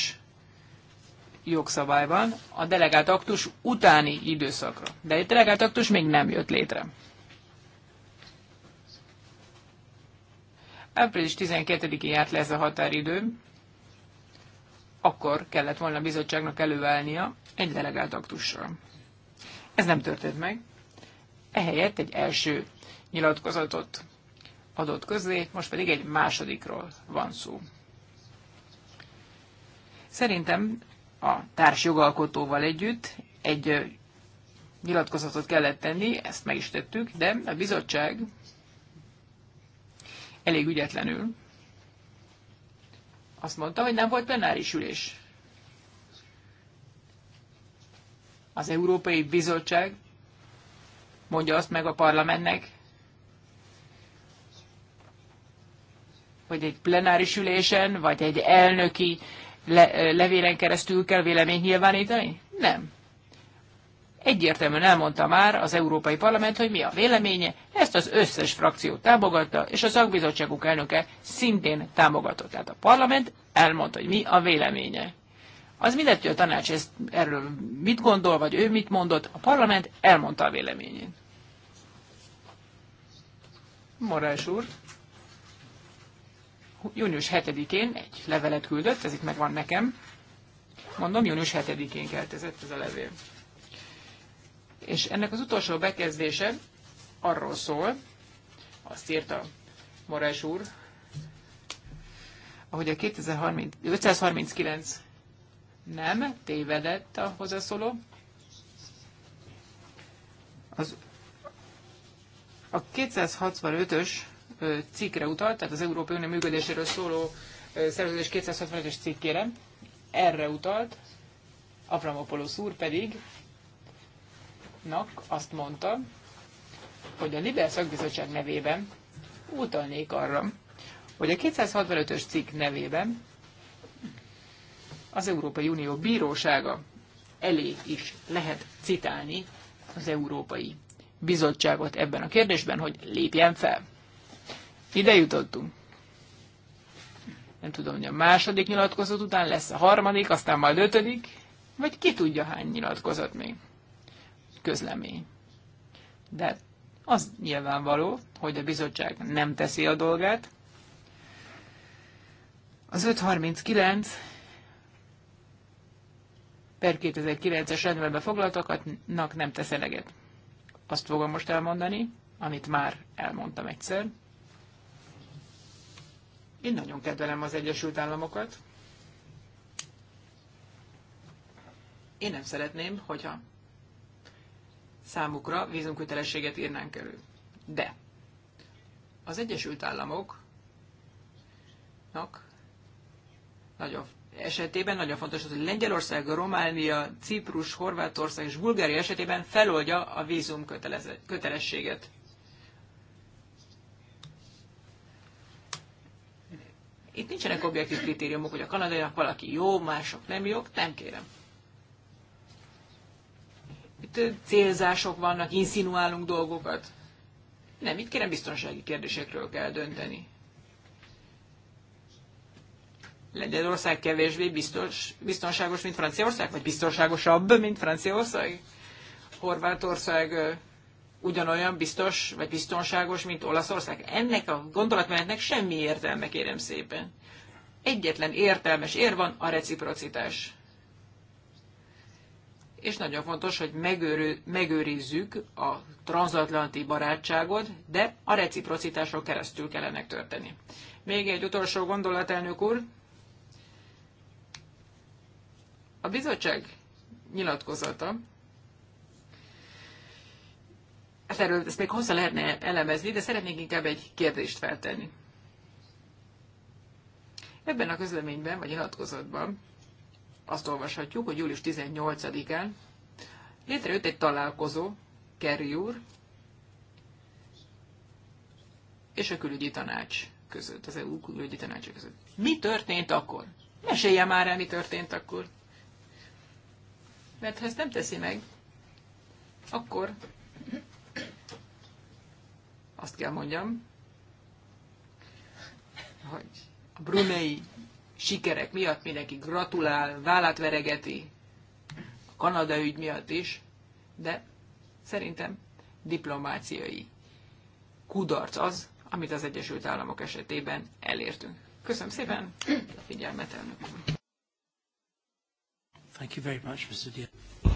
jogszabályban a delegált aktus utáni időszakra. De egy delegált aktus még nem jött létre. Április 12-én járt le ez a határidő akkor kellett volna a bizottságnak előállnia egy delegált aktussal. Ez nem történt meg. Ehelyett egy első nyilatkozatot adott közzé, most pedig egy másodikról van szó. Szerintem a társ jogalkotóval együtt egy nyilatkozatot kellett tenni, ezt meg is tettük, de a bizottság elég ügyetlenül azt mondta, hogy nem volt plenáris ülés. Az Európai Bizottság mondja azt meg a parlamentnek, hogy egy plenáris ülésen, vagy egy elnöki le, levélen keresztül kell véleményt nyilvánítani? Nem. Egyértelműen elmondta már az Európai Parlament, hogy mi a véleménye, ezt az összes frakció támogatta, és a szakbizottságuk elnöke szintén támogatott. Tehát a parlament elmondta, hogy mi a véleménye. Az mindegy, hogy a tanács ezt, erről mit gondol, vagy ő mit mondott, a parlament elmondta a véleményét. Morás úr június 7-én egy levelet küldött, ez itt megvan nekem. Mondom, június 7-én keltezett ez a levél. És ennek az utolsó bekezdése arról szól, azt írta Morás úr, ahogy a 2539 nem tévedett a hozzászóló, az a 265-ös cikkre utalt, tehát az Európai Unió működéséről szóló szerződés 265-ös cikkére, erre utalt, Avramopoulos úr pedig bizottságnak azt mondta, hogy a Liber szakbizottság nevében utalnék arra, hogy a 265-ös cikk nevében az Európai Unió bírósága elé is lehet citálni az Európai Bizottságot ebben a kérdésben, hogy lépjen fel. Ide jutottunk. Nem tudom, hogy a második nyilatkozat után lesz a harmadik, aztán majd ötödik, vagy ki tudja hány nyilatkozat még közlemény. De az nyilvánvaló, hogy a bizottság nem teszi a dolgát. Az 539 per 2009-es rendben foglaltakatnak nem tesz eleget. Azt fogom most elmondani, amit már elmondtam egyszer. Én nagyon kedvelem az Egyesült Államokat. Én nem szeretném, hogyha számukra vízumkötelességet írnánk elő. De az Egyesült Államoknak nagyon esetében nagyon fontos az, hogy Lengyelország, Románia, Ciprus, Horvátország és Bulgária esetében feloldja a vízum kötelességet. Itt nincsenek objektív kritériumok, hogy a kanadaiak valaki jó, mások nem jók, nem kérem itt célzások vannak, inszinuálunk dolgokat. Nem, itt kérem biztonsági kérdésekről kell dönteni. Lengyelország kevésbé biztos, biztonságos, mint Franciaország, vagy biztonságosabb, mint Franciaország? Horvátország ugyanolyan biztos, vagy biztonságos, mint Olaszország? Ennek a gondolatmenetnek semmi értelme, kérem szépen. Egyetlen értelmes ér van a reciprocitás és nagyon fontos, hogy megőrő, megőrizzük a transatlanti barátságot, de a reciprocitáson keresztül kellene történni. Még egy utolsó gondolat, elnök úr. A bizottság nyilatkozata, hát erről ezt még hozzá lehetne elemezni, de szeretnék inkább egy kérdést feltenni. Ebben a közleményben, vagy nyilatkozatban azt olvashatjuk, hogy július 18-án létrejött egy találkozó, Kerry úr és a külügyi tanács között, az EU külügyi tanács között. Mi történt akkor? Mesélje már el, mi történt akkor. Mert ha ezt nem teszi meg, akkor azt kell mondjam, hogy a brunei sikerek miatt mindenki gratulál, vállát veregeti, a Kanada ügy miatt is, de szerintem diplomáciai kudarc az, amit az Egyesült Államok esetében elértünk. Köszönöm szépen a figyelmet, elnök úr.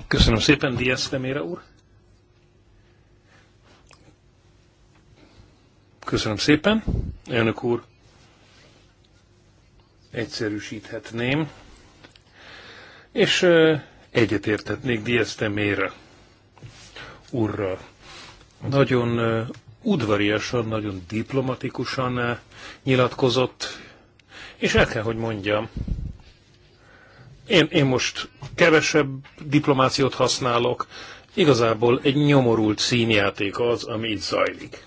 Köszönöm szépen, Díaz Temére úr. Köszönöm szépen, elnök úr egyszerűsíthetném, és egyetértetnék Diaz Temére urral. Nagyon udvariasan, nagyon diplomatikusan nyilatkozott, és el kell, hogy mondjam, én, én most kevesebb diplomációt használok, igazából egy nyomorult színjáték az, ami itt zajlik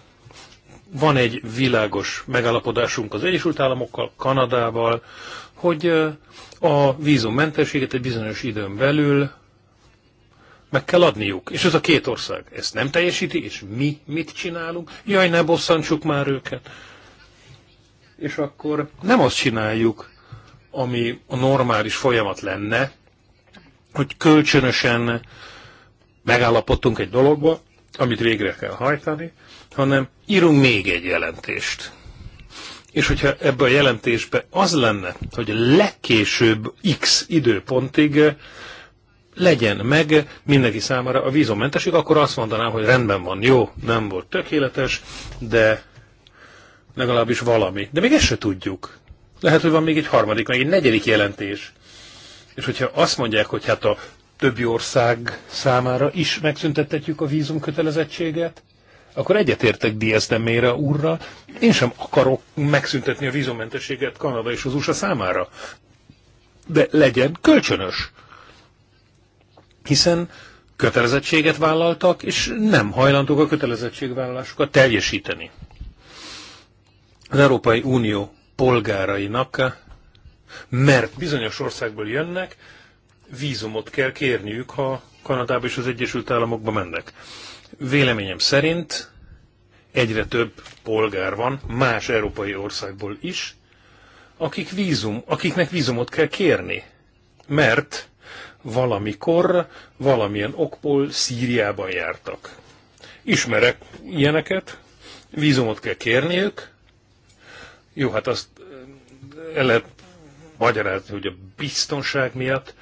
van egy világos megállapodásunk az Egyesült Államokkal, Kanadával, hogy a vízummentességet egy bizonyos időn belül meg kell adniuk. És ez a két ország ezt nem teljesíti, és mi mit csinálunk? Jaj, ne bosszantsuk már őket. És akkor nem azt csináljuk, ami a normális folyamat lenne, hogy kölcsönösen megállapodtunk egy dologba, amit végre kell hajtani, hanem írunk még egy jelentést. És hogyha ebbe a jelentésbe az lenne, hogy legkésőbb x időpontig eh, legyen meg mindenki számára a vízommentesség, akkor azt mondanám, hogy rendben van, jó, nem volt tökéletes, de legalábbis valami. De még ezt se tudjuk. Lehet, hogy van még egy harmadik, meg egy negyedik jelentés. És hogyha azt mondják, hogy hát a többi ország számára is megszüntettetjük a vízum kötelezettséget, akkor egyetértek Diaz de Mera úrra, én sem akarok megszüntetni a vízummentességet Kanada és az USA számára. De legyen kölcsönös. Hiszen kötelezettséget vállaltak, és nem hajlandók a kötelezettségvállalásukat teljesíteni. Az Európai Unió polgárainak, mert bizonyos országból jönnek, vízumot kell kérniük, ha Kanadába és az Egyesült Államokba mennek. Véleményem szerint egyre több polgár van más európai országból is, akik vízum, akiknek vízumot kell kérni. Mert valamikor valamilyen okból Szíriában jártak. Ismerek ilyeneket, vízumot kell kérniük. Jó, hát azt eh, el lehet magyarázni, hogy a biztonság miatt,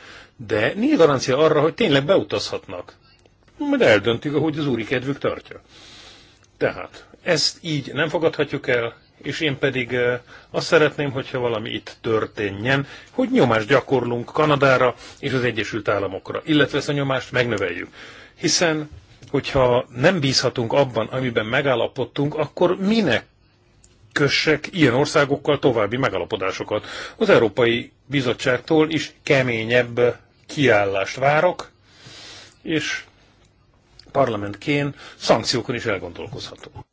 de a garancia arra, hogy tényleg beutazhatnak. Majd eldöntjük ahogy az úri kedvük tartja. Tehát ezt így nem fogadhatjuk el, és én pedig eh, azt szeretném, hogyha valami itt történjen, hogy nyomást gyakorlunk Kanadára és az Egyesült Államokra, illetve ezt a nyomást megnöveljük. Hiszen, hogyha nem bízhatunk abban, amiben megállapodtunk, akkor minek kössek ilyen országokkal további megalapodásokat. Az Európai Bizottságtól is keményebb kiállást várok, és parlamentként szankciókon is elgondolkozhatunk.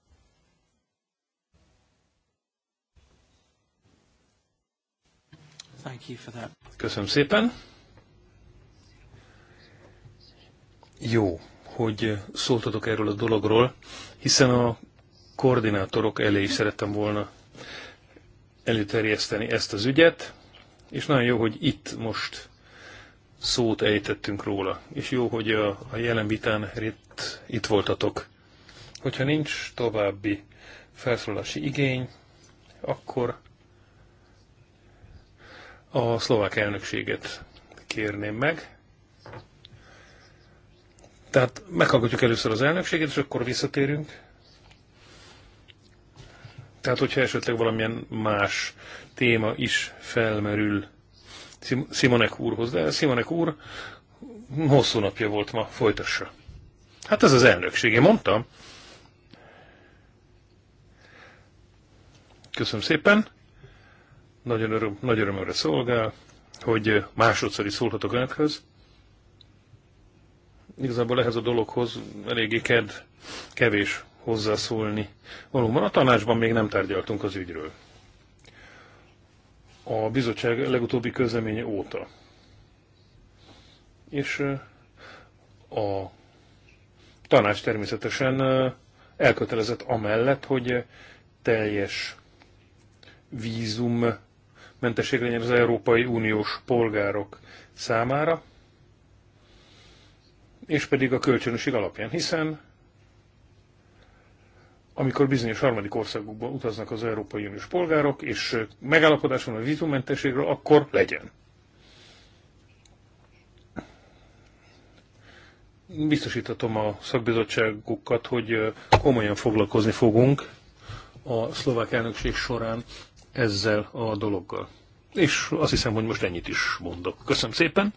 Köszönöm szépen. Jó, hogy szóltatok erről a dologról, hiszen a koordinátorok elé is szerettem volna előterjeszteni ezt az ügyet, és nagyon jó, hogy itt most szót ejtettünk róla, és jó, hogy a, a jelen vitán itt, itt voltatok. Hogyha nincs további felszólási igény, akkor a szlovák elnökséget kérném meg. Tehát meghallgatjuk először az elnökséget, és akkor visszatérünk. Tehát, hogyha esetleg valamilyen más téma is felmerül, Simonek úrhoz, de Simonek úr hosszú napja volt ma, folytassa. Hát ez az elnökség, én mondtam. Köszönöm szépen. Nagyon, öröm, nagy örömre szolgál, hogy másodszor is szólhatok önökhöz. Igazából ehhez a dologhoz eléggé ked, kevés hozzászólni. Valóban a tanácsban még nem tárgyaltunk az ügyről a bizottság legutóbbi közleménye óta. És a tanács természetesen elkötelezett amellett, hogy teljes vízum mentesség legyen az Európai Uniós polgárok számára, és pedig a kölcsönösség alapján, hiszen amikor bizonyos harmadik országokba utaznak az Európai Uniós polgárok, és megállapodás van a vízumentességről, akkor legyen. Biztosítatom a szakbizottságukat, hogy komolyan foglalkozni fogunk a szlovák elnökség során ezzel a dologgal. És azt hiszem, hogy most ennyit is mondok. Köszönöm szépen!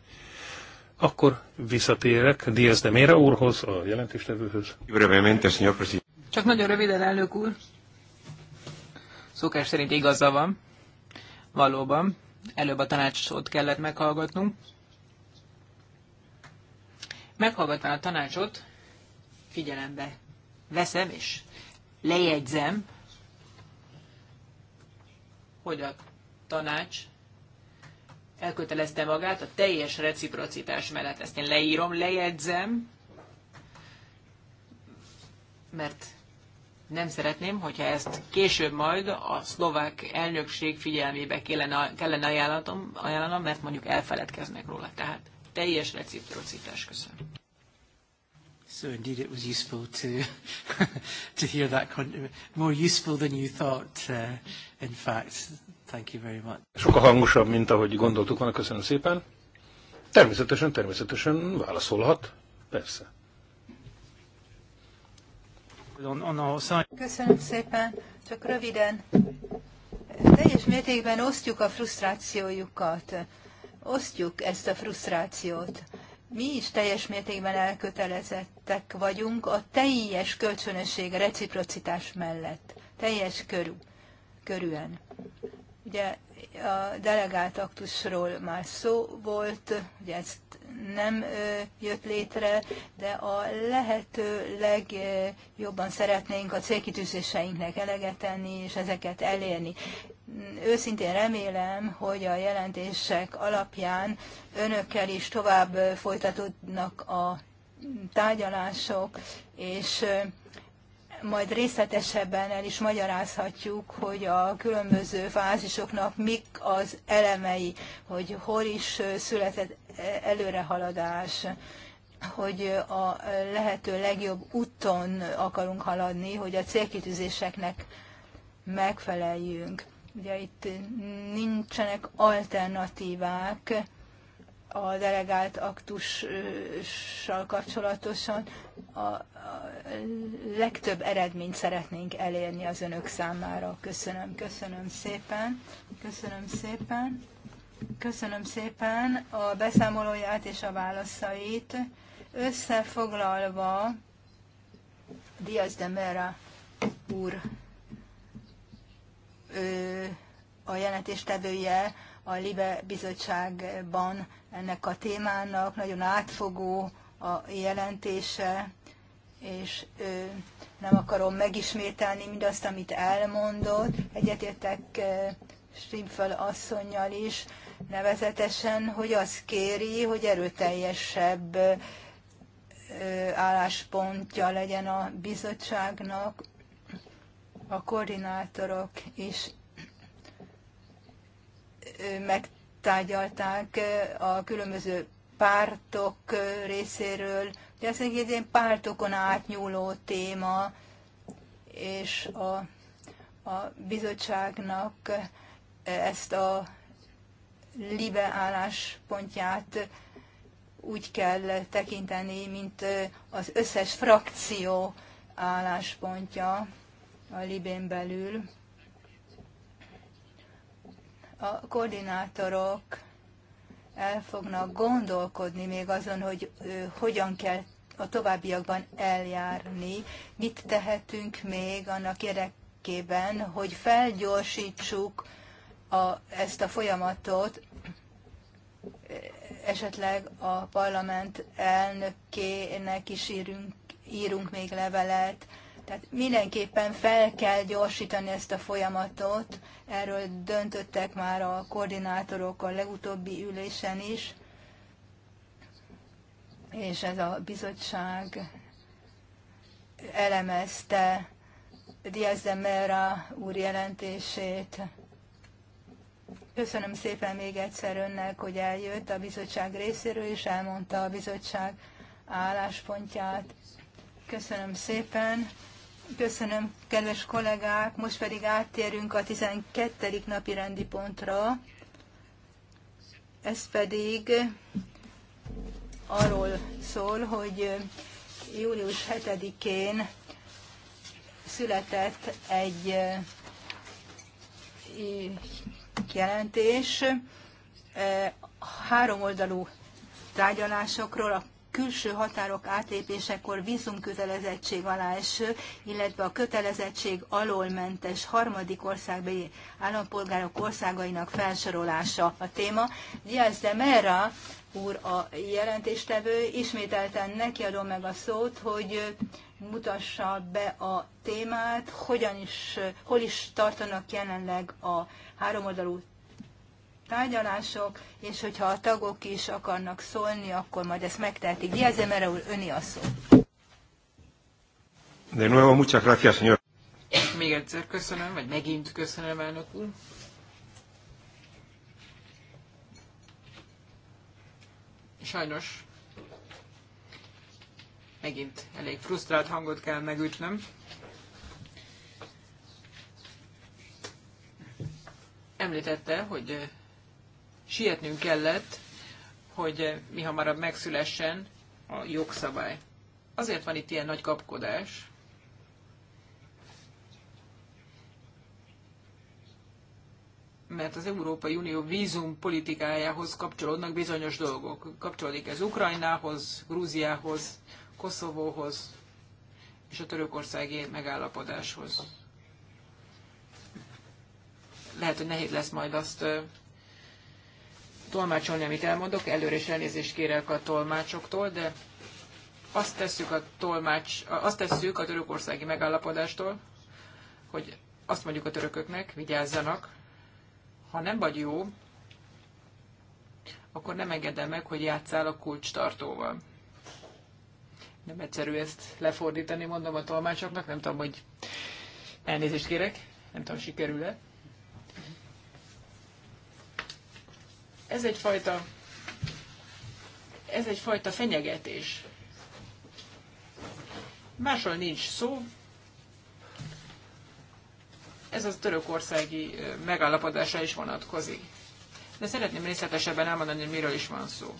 Akkor visszatérek Diaz de Mera úrhoz, a jelentéstevőhöz. Brevemente, csak nagyon röviden, elnök úr. Szokás szerint igaza van. Valóban. Előbb a tanácsot kellett meghallgatnunk. Meghallgatván a tanácsot, figyelembe veszem és lejegyzem, hogy a tanács elkötelezte magát a teljes reciprocitás mellett. Ezt én leírom, lejegyzem, mert nem szeretném, hogyha ezt később majd a szlovák elnökség figyelmébe kellene, kellene ajánlatom, ajánlanom, mert mondjuk elfeledkeznek róla. Tehát teljes reciprocitás. Köszönöm. So indeed it was useful to, <laughs> to hear that, more useful than you thought, uh, in fact. Thank you very much. Sokkal hangosabb, mint ahogy gondoltuk volna. Köszönöm szépen. Természetesen, természetesen válaszolhat. Persze. Köszönöm szépen, csak röviden. Teljes mértékben osztjuk a frusztrációjukat, osztjuk ezt a frusztrációt. Mi is teljes mértékben elkötelezettek vagyunk a teljes kölcsönösség, reciprocitás mellett, teljes körül körülön. Ugye a delegált aktusról már szó volt, ugye ezt nem jött létre, de a lehető legjobban szeretnénk a célkitűzéseinknek eleget tenni, és ezeket elérni. Őszintén remélem, hogy a jelentések alapján önökkel is tovább folytatódnak a tárgyalások, és majd részletesebben el is magyarázhatjuk, hogy a különböző fázisoknak mik az elemei, hogy hol is született előrehaladás, hogy a lehető legjobb úton akarunk haladni, hogy a célkitűzéseknek megfeleljünk. Ugye itt nincsenek alternatívák, a delegált aktussal kapcsolatosan a, a legtöbb eredményt szeretnénk elérni az önök számára. Köszönöm, köszönöm szépen, köszönöm szépen, köszönöm szépen a beszámolóját és a válaszait. Összefoglalva Diaz de Mera úr ő, a jelentéstevője a Libe bizottságban ennek a témának, nagyon átfogó a jelentése, és ö, nem akarom megismételni mindazt, amit elmondott. Egyetértek Strimfel asszonynal is, nevezetesen, hogy azt kéri, hogy erőteljesebb ö, álláspontja legyen a bizottságnak, a koordinátorok is meg tárgyalták a különböző pártok részéről. Ugye ez egy ilyen pártokon átnyúló téma, és a, a bizottságnak ezt a libe álláspontját úgy kell tekinteni, mint az összes frakció álláspontja a libén belül a koordinátorok el fognak gondolkodni még azon, hogy hogyan kell a továbbiakban eljárni, mit tehetünk még annak érdekében, hogy felgyorsítsuk a, ezt a folyamatot, esetleg a parlament elnökének is írunk, írunk még levelet, tehát mindenképpen fel kell gyorsítani ezt a folyamatot, erről döntöttek már a koordinátorok a legutóbbi ülésen is, és ez a bizottság elemezte Diaz de Mera úr jelentését. Köszönöm szépen még egyszer önnek, hogy eljött a bizottság részéről, és elmondta a bizottság álláspontját. Köszönöm szépen. Köszönöm, kedves kollégák! Most pedig áttérünk a 12. napi rendi pontra. Ez pedig arról szól, hogy július 7-én született egy eh, jelentés eh, háromoldalú tárgyalásokról a külső határok átlépésekor vízumkötelezettség alá eső, illetve a kötelezettség alólmentes harmadik országbeli állampolgárok országainak felsorolása a téma. Diaz de Mera úr a jelentéstevő, ismételten neki adom meg a szót, hogy mutassa be a témát, hogyan is, hol is tartanak jelenleg a háromoldalú tárgyalások, és hogyha a tagok is akarnak szólni, akkor majd ezt megtehetik. Diazemere úr, öni a szó. De nuevo, muchas gracias, señor. Még egyszer köszönöm, vagy megint köszönöm, elnök úr. Sajnos megint elég frusztrált hangot kell megütnöm. Említette, hogy sietnünk kellett, hogy eh, mi hamarabb megszülessen a jogszabály. Azért van itt ilyen nagy kapkodás. mert az Európai Unió vízum politikájához kapcsolódnak bizonyos dolgok. Kapcsolódik ez Ukrajnához, Grúziához, Koszovóhoz és a törökországi megállapodáshoz. Lehet, hogy nehéz lesz majd azt eh, tolmácsolni, amit elmondok. Előre is elnézést kérek a tolmácsoktól, de azt tesszük a tolmács, azt tesszük a törökországi megállapodástól, hogy azt mondjuk a törököknek, vigyázzanak, ha nem vagy jó, akkor nem engedem meg, hogy játszál a kulcs tartóval. Nem egyszerű ezt lefordítani, mondom a tolmácsoknak, nem tudom, hogy elnézést kérek, nem tudom, sikerül-e. Ez egyfajta, ez egyfajta fenyegetés. Másról nincs szó. Ez az törökországi megállapodásra is vonatkozik. De szeretném részletesebben elmondani, hogy miről is van szó.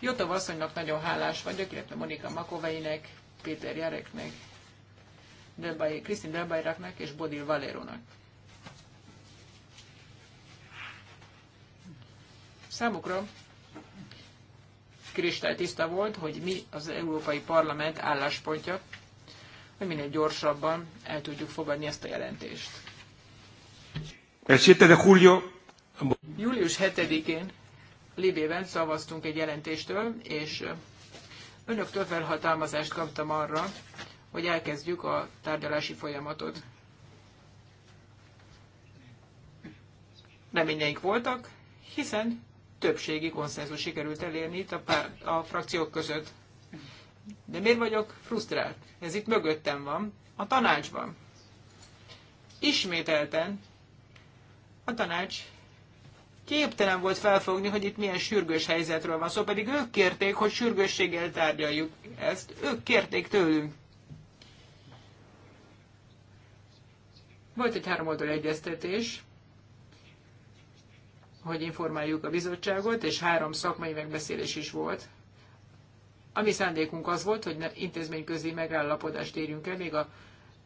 Jotov asszonynak nagyon hálás vagyok, illetve Monika Makoveinek, Péter Jareknek, Krisztin Delbairaknak és Bodil Valérónak. Számukra tiszta volt, hogy mi az Európai Parlament álláspontja, hogy minél gyorsabban el tudjuk fogadni ezt a jelentést. Július 7-én Libében szavaztunk egy jelentéstől, és önöktől felhatalmazást kaptam arra, hogy elkezdjük a tárgyalási folyamatot. Reményeink voltak, hiszen többségi konszenzus sikerült elérni itt a, pár, a frakciók között. De miért vagyok frusztrált? Ez itt mögöttem van, a tanácsban. Ismételten a tanács képtelen volt felfogni, hogy itt milyen sürgős helyzetről van szó, szóval pedig ők kérték, hogy sürgősséggel tárgyaljuk ezt. Ők kérték tőlünk. Volt egy háromoldal egyeztetés, hogy informáljuk a bizottságot, és három szakmai megbeszélés is volt. A mi szándékunk az volt, hogy intézményközi megállapodást érjünk el még a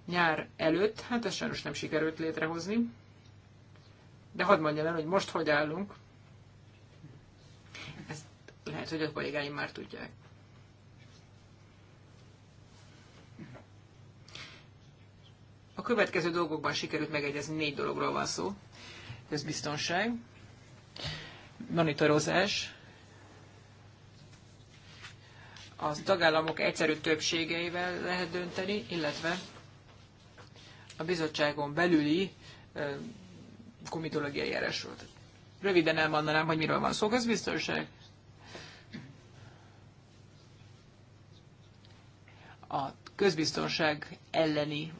nyár előtt, hát ezt sajnos nem sikerült létrehozni. De hadd mondjam el, hogy most hogy állunk. Ezt lehet, hogy a kollégáim már tudják. A következő dolgokban sikerült megegyezni, négy dologról van szó. Közbiztonság, monitorozás az tagállamok egyszerű többségeivel lehet dönteni, illetve a bizottságon belüli komitológiai eresült. Röviden elmondanám, hogy miről van szó, közbiztonság. A közbiztonság elleni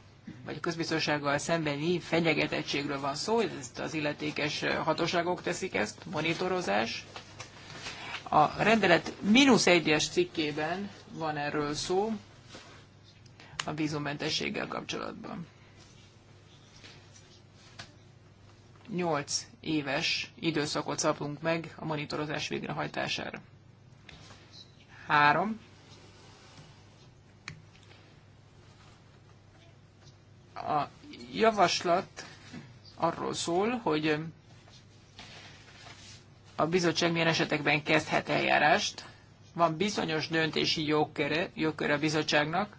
vagy a közbiztonsággal szembeni fenyegetettségről van szó, ezt az illetékes hatóságok teszik ezt, monitorozás. A rendelet mínusz egyes cikkében van erről szó a vízumentességgel kapcsolatban. 8 éves időszakot szabunk meg a monitorozás végrehajtására. 3. A javaslat arról szól, hogy a bizottság milyen esetekben kezdhet eljárást. Van bizonyos döntési jogköre, jogköre a bizottságnak,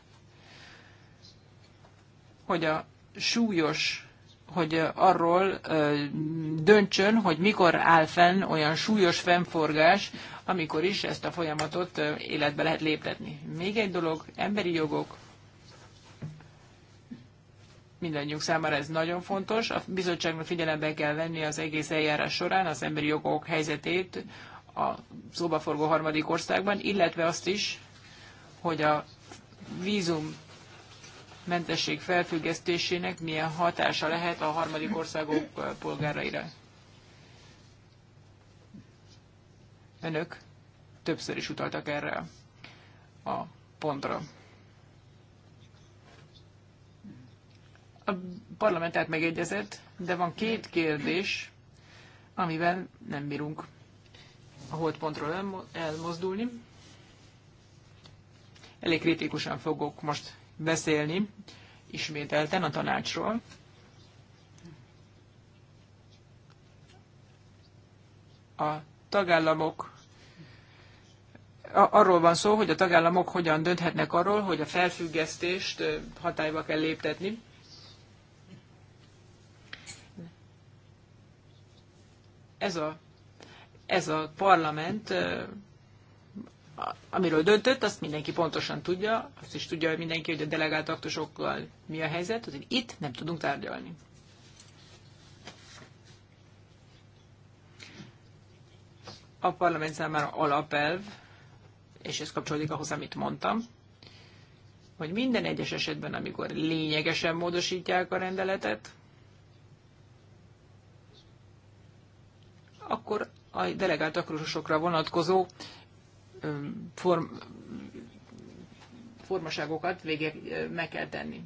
hogy a súlyos, hogy arról ö, döntsön, hogy mikor áll fenn olyan súlyos fennforgás, amikor is ezt a folyamatot ö, életbe lehet léptetni. Még egy dolog, emberi jogok, mindannyiunk számára ez nagyon fontos. A bizottságnak figyelembe kell venni az egész eljárás során az emberi jogok helyzetét a szobaforgó harmadik országban, illetve azt is, hogy a vízum mentesség felfüggesztésének milyen hatása lehet a harmadik országok polgáraira. Önök többször is utaltak erre a pontra. A parlamentet megegyezett, de van két kérdés, amivel nem bírunk a holdpontról elmozdulni. Elég kritikusan fogok most beszélni ismételten a tanácsról. A tagállamok arról van szó, hogy a tagállamok hogyan dönthetnek arról, hogy a felfüggesztést hatályba kell léptetni. ez a, ez a parlament, amiről döntött, azt mindenki pontosan tudja, azt is tudja hogy mindenki, hogy a delegált aktusokkal mi a helyzet, hogy itt nem tudunk tárgyalni. A parlament számára alapelv, és ez kapcsolódik ahhoz, amit mondtam, hogy minden egyes esetben, amikor lényegesen módosítják a rendeletet, akkor a delegált akrósokra vonatkozó form, formaságokat végig meg kell tenni.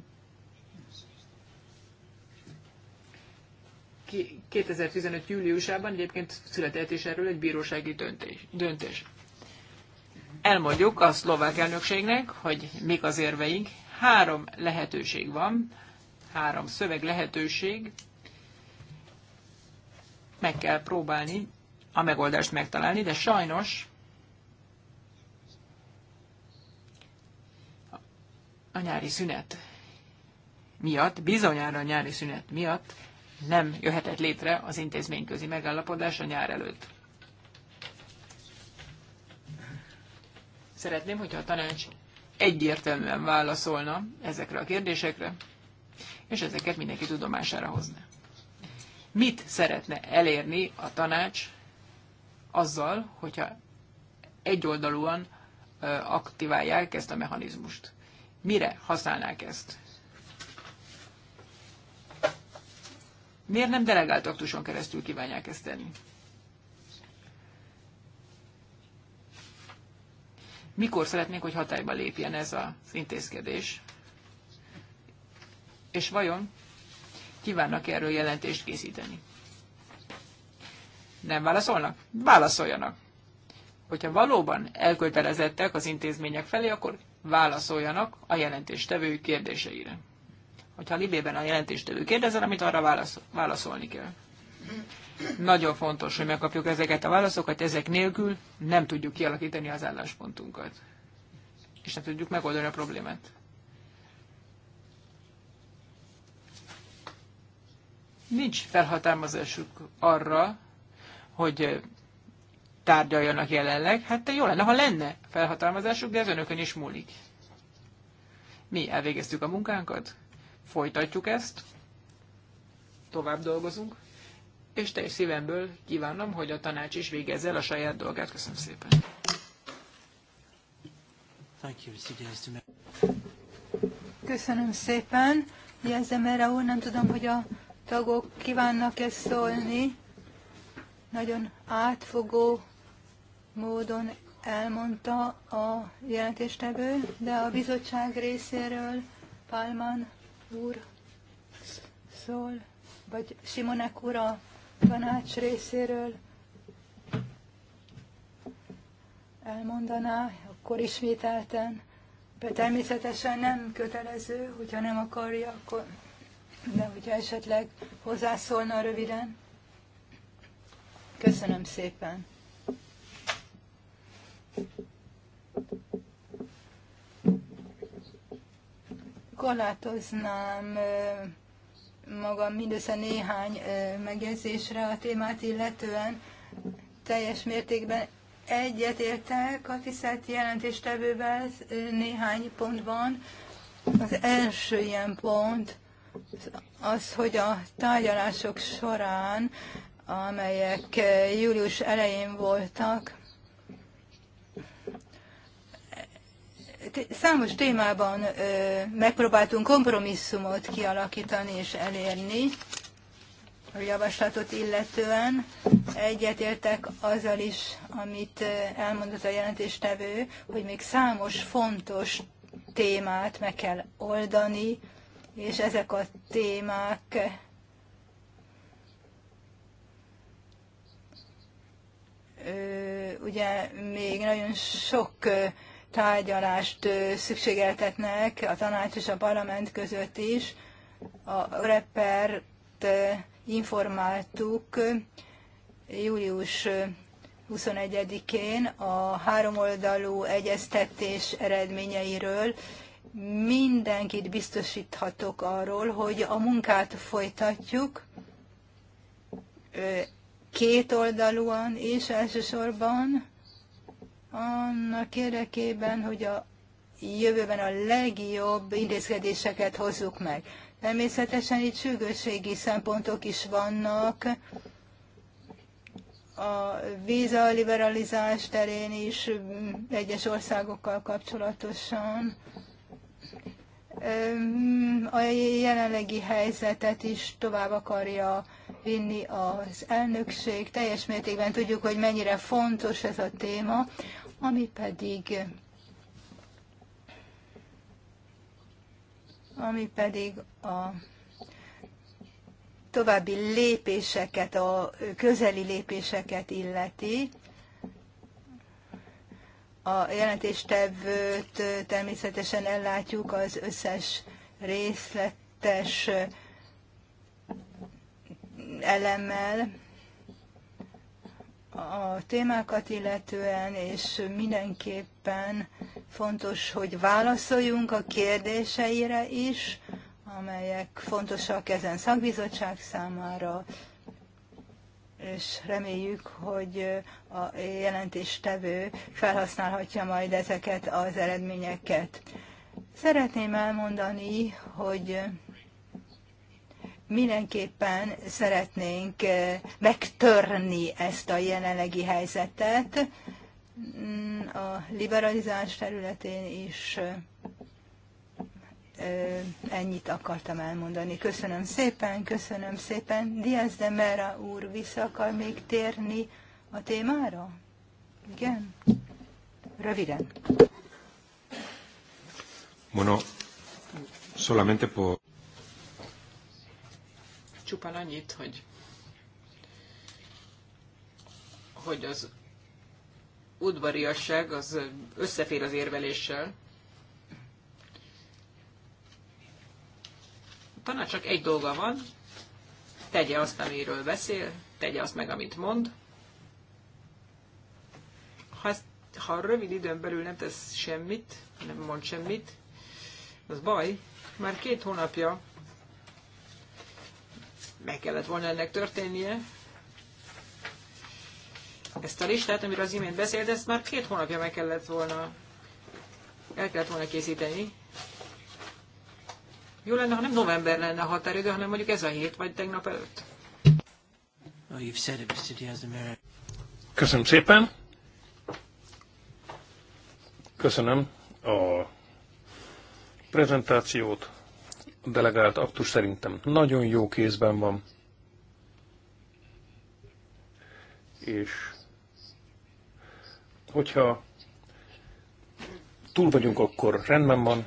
2015. júliusában egyébként született is erről egy bírósági döntés. döntés. Elmondjuk a szlovák elnökségnek, hogy mik az érveink. Három lehetőség van, három szöveg lehetőség, meg kell próbálni a megoldást megtalálni, de sajnos a nyári szünet miatt, bizonyára a nyári szünet miatt nem jöhetett létre az intézményközi megállapodás a nyár előtt. Szeretném, hogyha a tanács egyértelműen válaszolna ezekre a kérdésekre, és ezeket mindenki tudomására hozna mit szeretne elérni a tanács azzal, hogyha egyoldalúan aktiválják ezt a mechanizmust. Mire használnák ezt? Miért nem delegált aktuson keresztül kívánják ezt tenni? Mikor szeretnénk, hogy hatályba lépjen ez az intézkedés? És vajon kívánnak erről jelentést készíteni. Nem válaszolnak? Válaszoljanak. Hogyha valóban elkötelezettek az intézmények felé, akkor válaszoljanak a jelentéstevő kérdéseire. Hogyha a Libében a jelentéstevő kérdezel, amit arra válaszolni kell. Nagyon fontos, hogy megkapjuk ezeket a válaszokat, ezek nélkül nem tudjuk kialakítani az álláspontunkat. És nem tudjuk megoldani a problémát. nincs felhatalmazásuk arra, hogy tárgyaljanak jelenleg. Hát te jó lenne, ha lenne felhatalmazásuk, de ez önökön is múlik. Mi elvégeztük a munkánkat, folytatjuk ezt, tovább dolgozunk, és teljes szívemből kívánom, hogy a tanács is végezze el a saját dolgát. Köszönöm szépen. Köszönöm szépen. Jelzem erre úr, nem tudom, hogy a tagok kívánnak ezt szólni. Nagyon átfogó módon elmondta a jelentéstevő, de a bizottság részéről Pálman úr szól, vagy Simonek úr a tanács részéről elmondaná, akkor ismételten. De természetesen nem kötelező, hogyha nem akarja, akkor de hogyha esetleg hozzászólna röviden. Köszönöm szépen. Korlátoznám magam mindössze néhány megjegyzésre a témát illetően. Teljes mértékben egyetértek a tisztelt jelentéstevővel néhány pontban. Az első ilyen pont az, hogy a tárgyalások során, amelyek eh, július elején voltak, számos témában eh, megpróbáltunk kompromisszumot kialakítani és elérni a javaslatot illetően. Egyetértek azzal is, amit eh, elmondott a jelentéstevő, hogy még számos fontos témát meg kell oldani, és ezek a témák ugye még nagyon sok tárgyalást szükségeltetnek a tanács és a parlament között is. A repert informáltuk július 21-én a háromoldalú egyeztetés eredményeiről, mindenkit biztosíthatok arról, hogy a munkát folytatjuk két oldalúan és elsősorban annak érdekében, hogy a jövőben a legjobb intézkedéseket hozzuk meg. Természetesen itt sürgősségi szempontok is vannak, a víza liberalizás terén is mm, egyes országokkal kapcsolatosan a jelenlegi helyzetet is tovább akarja vinni az elnökség. Teljes mértékben tudjuk, hogy mennyire fontos ez a téma, ami pedig ami pedig a további lépéseket, a közeli lépéseket illeti. A jelentéstevőt természetesen ellátjuk az összes részletes elemmel a témákat illetően, és mindenképpen fontos, hogy válaszoljunk a kérdéseire is, amelyek fontosak ezen szakbizottság számára, és reméljük, hogy a jelentéstevő felhasználhatja majd ezeket az eredményeket. Szeretném elmondani, hogy mindenképpen szeretnénk eh, megtörni ezt a jelenlegi helyzetet mm, a liberalizás területén is ennyit akartam elmondani. Köszönöm szépen, köszönöm szépen. Diaz de Mera úr vissza akar még térni a témára? Igen? Röviden. Bueno, solamente por... Csupán annyit, hogy hogy az udvariasság az összefér az érveléssel, A csak egy dolga van, tegye azt, amiről beszél, tegye azt meg, amit mond. Ha, ezt, ha rövid időn belül nem tesz semmit, nem mond semmit, az baj. Már két hónapja meg kellett volna ennek történnie. Ezt a listát, amiről az imént beszélt, ezt már két hónapja meg kellett volna, el kellett volna készíteni jó lenne, ha nem november lenne a határidő, hanem mondjuk ez a hét, vagy tegnap előtt. Oh, Köszönöm szépen. Köszönöm a prezentációt. A delegált aktus szerintem nagyon jó kézben van. És hogyha túl vagyunk, akkor rendben van,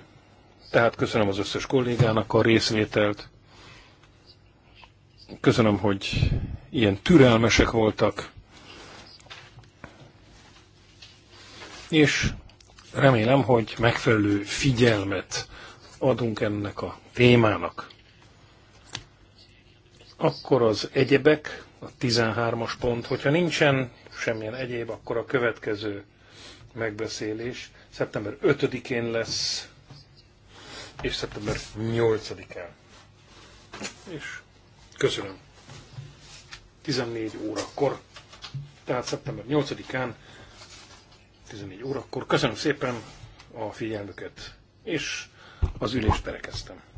tehát köszönöm az összes kollégának a részvételt. Köszönöm, hogy ilyen türelmesek voltak. És remélem, hogy megfelelő figyelmet adunk ennek a témának. Akkor az egyebek, a 13-as pont, hogyha nincsen semmilyen egyéb, akkor a következő megbeszélés szeptember 5-én lesz és szeptember 8-án. És köszönöm. 14 órakor, tehát szeptember 8-án, 14 órakor. Köszönöm szépen a figyelmüket, és az ülést berekeztem.